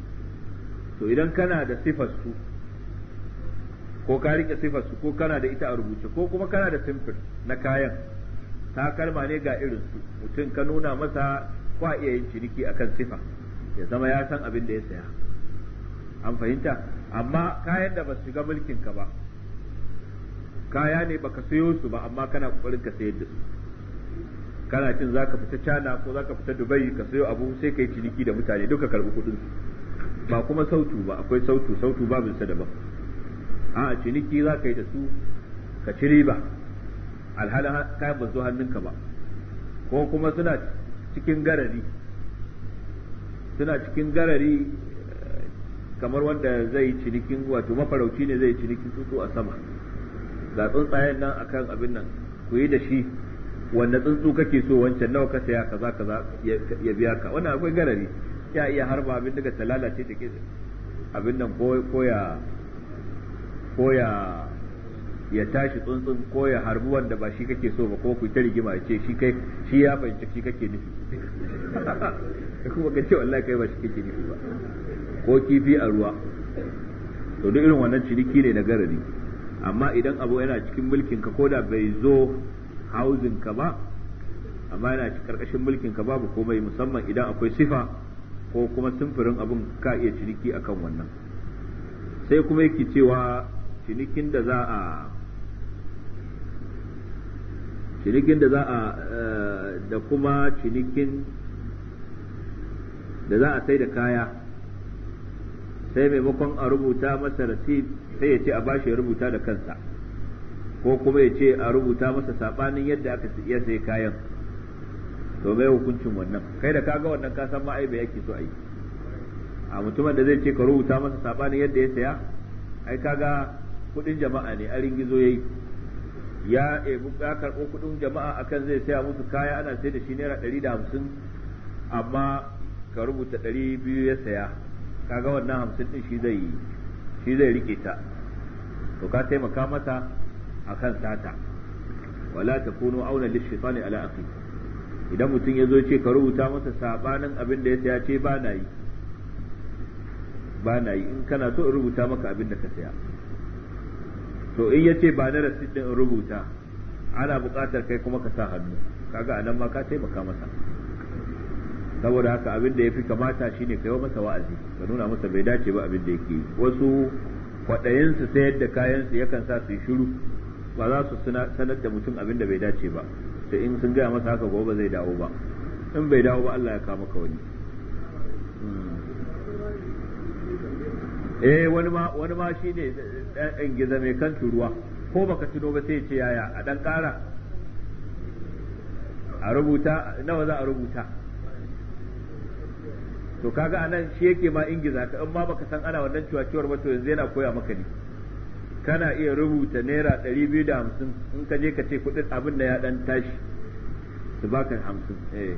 to idan kana da sifar su ko ka rike sifar su ko kana da ita a rubuce ko kuma kana da simfir na kayan takalma ne ga irin su mutum ka nuna masa kwa iya yin ciniki akan sifa ya zama ya san abin da ya saya an fahimta amma kayan da ba su shiga mulkin ka ba kaya ne baka sayo su ba amma kana kokarin ka sayar da su kana cin zaka fita China ko zaka fita Dubai ka sayo abu sai kai ciniki da mutane duka karbi kudin su ba kuma sautu ba akwai sautu sautu bin sa daban a ciniki zaka yi da su ka ci riba alhalin kayan ba zo hannunka ba ko kuma suna cikin garari suna cikin garari kamar wanda zai cinikin wato mafarauci ne zai cinikin tsuntsu a sama ga tsuntsayen nan akan abin nan ku yi da shi wanda tsuntsu kake so wancan nawa ka saya kaza kaza ya biya ka wannan akwai garari ya iya harba abin daga ta lalace ta ke abin nan ko ya ko ya ya tashi tsuntsun ko ya harbi wanda ba shi kake so ba ko ku ta rigima ya ce shi kai shi ya fahimci shi kake nufi kuma ka ce wallahi kai ba shi kake nufi ba ko kifi a ruwa to duk irin wannan ciniki ne na garari amma idan abu yana cikin mulkin ka koda bai zo hauzin ka ba amma yana cikin karkashin mulkin ka babu komai musamman idan akwai sifa ko kuma simfirin abun ka iya ciniki akan wannan sai kuma yake cewa cinikin da za a cinikin da za a eh, da kuma cinikin da za a sai da kaya sai maimakon a rubuta masa rasid sai ya ce a bashi ya rubuta da kansa ko kuma ya ce a rubuta masa sabanin yadda aka iya sai kayan to mai hukuncin wannan kai da kaga wannan ka san ma bai yake so a yi a mutumin da zai ce ka rubuta masa sabanin yadda ya saya ai kaga kudin jama'a ne a ringizo yayi ya ya karɓo kudin jama'a akan zai saya musu kaya ana sai da shi naira 150 da hamsin amma ka rubuta 200 biyu ya saya kaga wannan hamsin din shi zai shi zai rike ta to ka taimaka mata akan sata wala takunu auna lishitani ala aqi idan mutum ya zo ce ka rubuta masa sabanin abin da ya saya ce ba na yi ba na yi in kana so in rubuta maka abin da ka saya to in ya ce ba na rasit din in rubuta ana buƙatar kai kuma ka sa hannu kaga anan ma ka taimaka masa saboda haka abin da ya fi kamata shi ne wa masa wa'azi ka nuna masa bai dace ba abin da yake yi wasu kwaɗayinsu sayar da kayansu yakan sa su yi shiru ba za su sanar da mutum abin da bai dace ba sai in sun gaya masa haka gobe zai dawo ba in bai dawo ba Allah ya kama ka wani hmm. eh wani ma wani ma shine dan giza mai kan turuwa ko baka tuno ba sai ya ce yaya a dan ƙara a rubuta nawa za a rubuta to kaga anan shi yake ma ingiza ka in ma baka san ana wannan ciwaciwar ba to yanzu yana koya maka ne kana iya rubuta naira ɗari biyu da hamsin in ka je ka ce kuɗin abin da ya ɗan tashi su baka 50 eh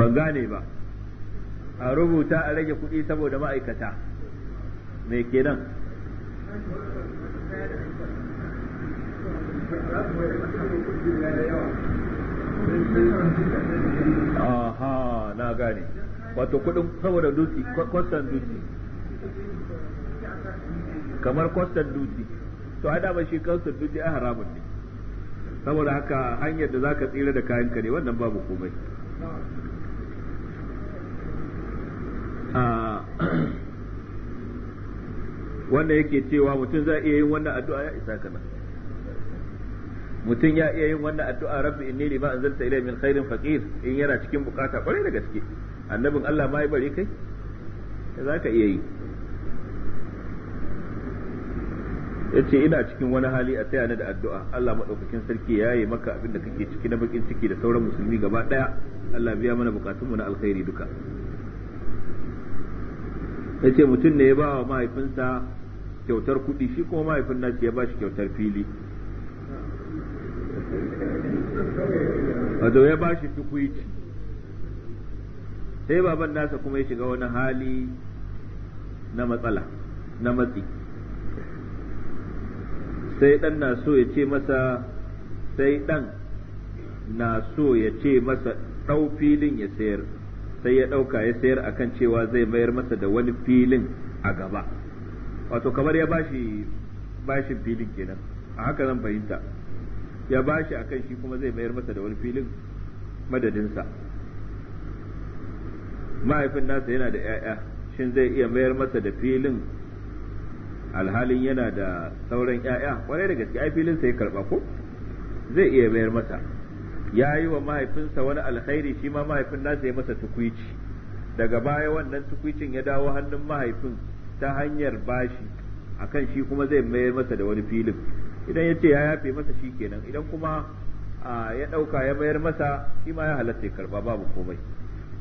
ban gane ba a rubuta a rage kuɗi saboda ma'aikata me kenan aha na gane wato kudin saboda dutse kwastan dutse kamar kwastan dutse to a da ba shi kwastan dutse a haramun ne saboda haka hanyar da za ka tsira da kayan ka ne wannan babu komai ah, wanda yake cewa mutum za iya yin wannan addu'a ya isa kana mutum ya iya yin wannan addu'a rabbi inni lima anzalta ilayya min khairin faqir in yana cikin bukata kwarai da gaske annabin Allah ma ya bare kai za ka iya yi yace ina cikin wani hali a ni da addu'a Allah madaukakin sarki ya yi maka abin da kake ciki na bakin ciki da sauran musulmi gaba daya Allah biya mana bukatunmu na alkhairi duka yace mutum ne ya ba wa mahaifinsa kyautar kudi shi kuma mahaifin nasu ya ba shi kyautar fili wato ya bashi tukwici sai baban nasa kuma ya shiga wani hali na matsala na matsi sai dan na so ya ce masa sai dan na so ya ce masa ɗau filin ya sayar sai ya ɗauka ya sayar akan cewa zai mayar masa da wani filin a gaba wato kamar ya bashi bashin filin kenan a haka zan fahimta ya bashi akan shi kuma zai mayar masa da wani filin madadinsa mahaifin nasa yana da 'ya'ya shin zai iya mayar masa da filin alhalin yana da sauran 'ya'ya kwarai da gaske ai filin sai karba ko zai iya mayar masa ya yi wa mahaifinsa wani alkhairi shi ma mahaifin nasa ya masa tukwici daga baya wannan tukwicin ya dawo hannun mahaifin ta hanyar bashi akan shi kuma zai mayar masa da wani filin idan ya ce ya yafe masa shi kenan idan kuma ya ɗauka ya mayar masa shi ma ya halatta ya karba babu komai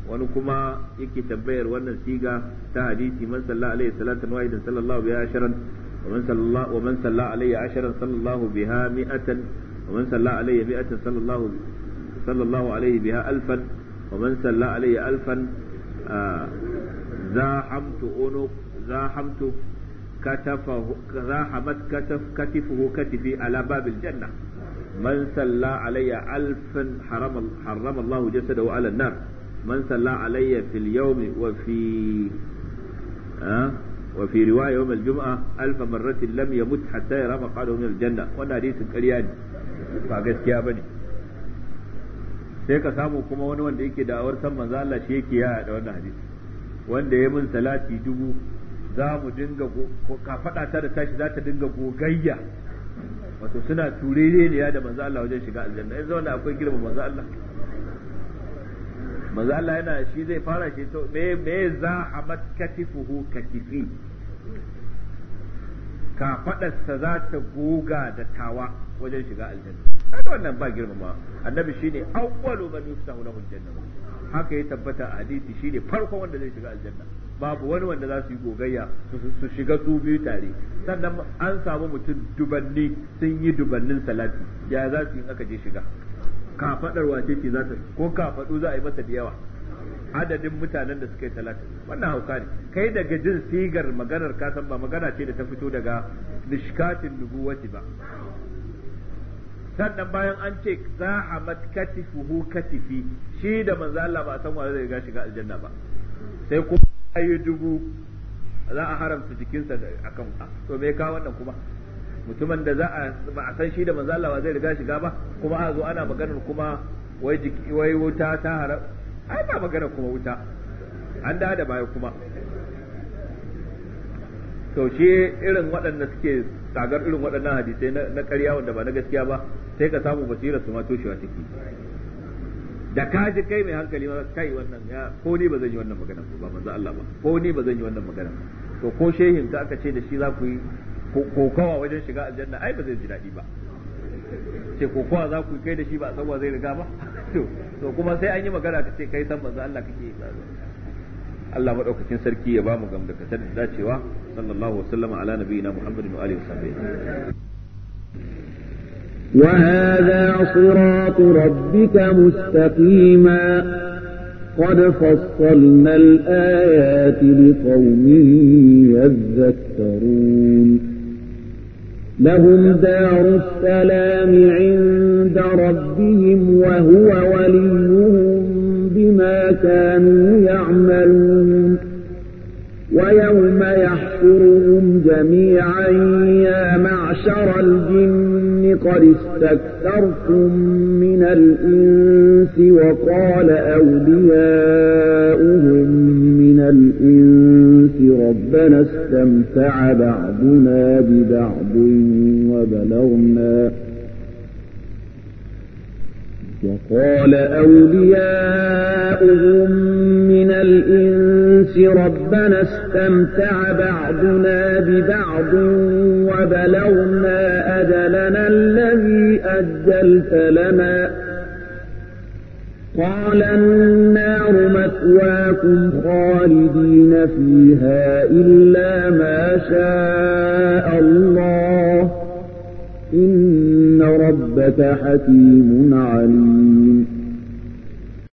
wani kuma yake tambayar wannan siga ta hadisi man sallallahu alaihi wa wahidan sallallahu biha asharan wa man sallallahu wa man sallallahu alaihi asharan sallallahu biha mi'atan wa man sallallahu alaihi mi'atan sallallahu sallallahu alaihi biha alfan wa man sallallahu alaihi alfan unuk za hamtu كتفه زاحمت كتف كتفه كتفي على باب الجنة من صلى علي ألفا حرم, حرم الله جسده على النار من صلى علي في اليوم وفي أه؟ وفي رواية يوم الجمعة ألف مرة لم يمت حتى يرى مقعده من الجنة وانا ليس كريان قريان يا بني sai سامو كما kuma wani wanda yake da'awar san manzo Allah shi yake ya يمن wannan hadisi za mu dinga kafaɗa ta da tashi za ta dinga gogayya wato suna turere ne da manzo Allah wajen shiga aljanna yanzu wanda akwai girma manzo Allah manzo Allah yana shi zai fara shi to me me za a matkatifuhu katifi ka sa za ta goga da tawa wajen shiga aljanna kada wannan ba girmama annabi shine awwalu man yuftahu lahu aljanna haka ya tabbata a hadisi shine farkon wanda zai shiga aljanna babu wani wanda za su yi gogayya su shiga su biyu tare sannan an samu mutum dubanni sun yi dubannin salati ya za su yi aka je shiga kafadar wace ce za ta ko kafadu za a yi masa da yawa adadin mutanen da suka yi salati wannan hauka ne kai daga jin sigar maganar kasan ba magana ce da ta fito daga nishkatin nubuwati ba sannan bayan an ce za a matkatifu katifi shi da manzo Allah ba a san wa zai ga shiga aljanna ba sai kuma ayi dubu za a haramta jikinsa da akan to me ka wannan kuma mutumin da za a ba a san shi da manzo Allah zai riga shiga ba kuma a zo ana maganar kuma wai jiki wai wuta ta haram ai ba magana kuma wuta an da da baya kuma to shi irin waɗanda suke tsagar irin waɗannan hadisai na ƙarya wanda ba na gaskiya ba sai ka samu basirar su ma toshewa take da ka ji kai mai hankali ma kai wannan ya ko ni ba zan yi wannan magana ba manzo Allah ba ko ni ba zan yi wannan magana to ko shehin ka aka ce da shi za ku yi kokawa wajen shiga aljanna ai ba zai ji daɗi ba ce kokawa za ku kai da shi ba a sabuwa zai riga ba to kuma sai an yi magana ka ce kai san manzo Allah kake yi Allah madaukakin sarki ya ba mu gamdakatar da dacewa sallallahu alaihi wa sallama ala nabiyina Muhammadin wa alihi wa sahbihi وهذا صراط ربك مستقيما قد فصلنا الآيات لقوم يذكرون لهم دار السلام عند ربهم وهو وليهم بما كانوا يعملون ويوم يحشرهم جميعا يا معشر الجن قد استكثرتم من الإنس وقال أولياؤهم من الإنس ربنا استمتع بعضنا ببعض وبلغنا وقال أولياؤهم من الإنس الإنس ربنا استمتع بعضنا ببعض وبلغنا أجلنا الذي أجلت لنا قال النار مثواكم خالدين فيها إلا ما شاء الله إن ربك حكيم عليم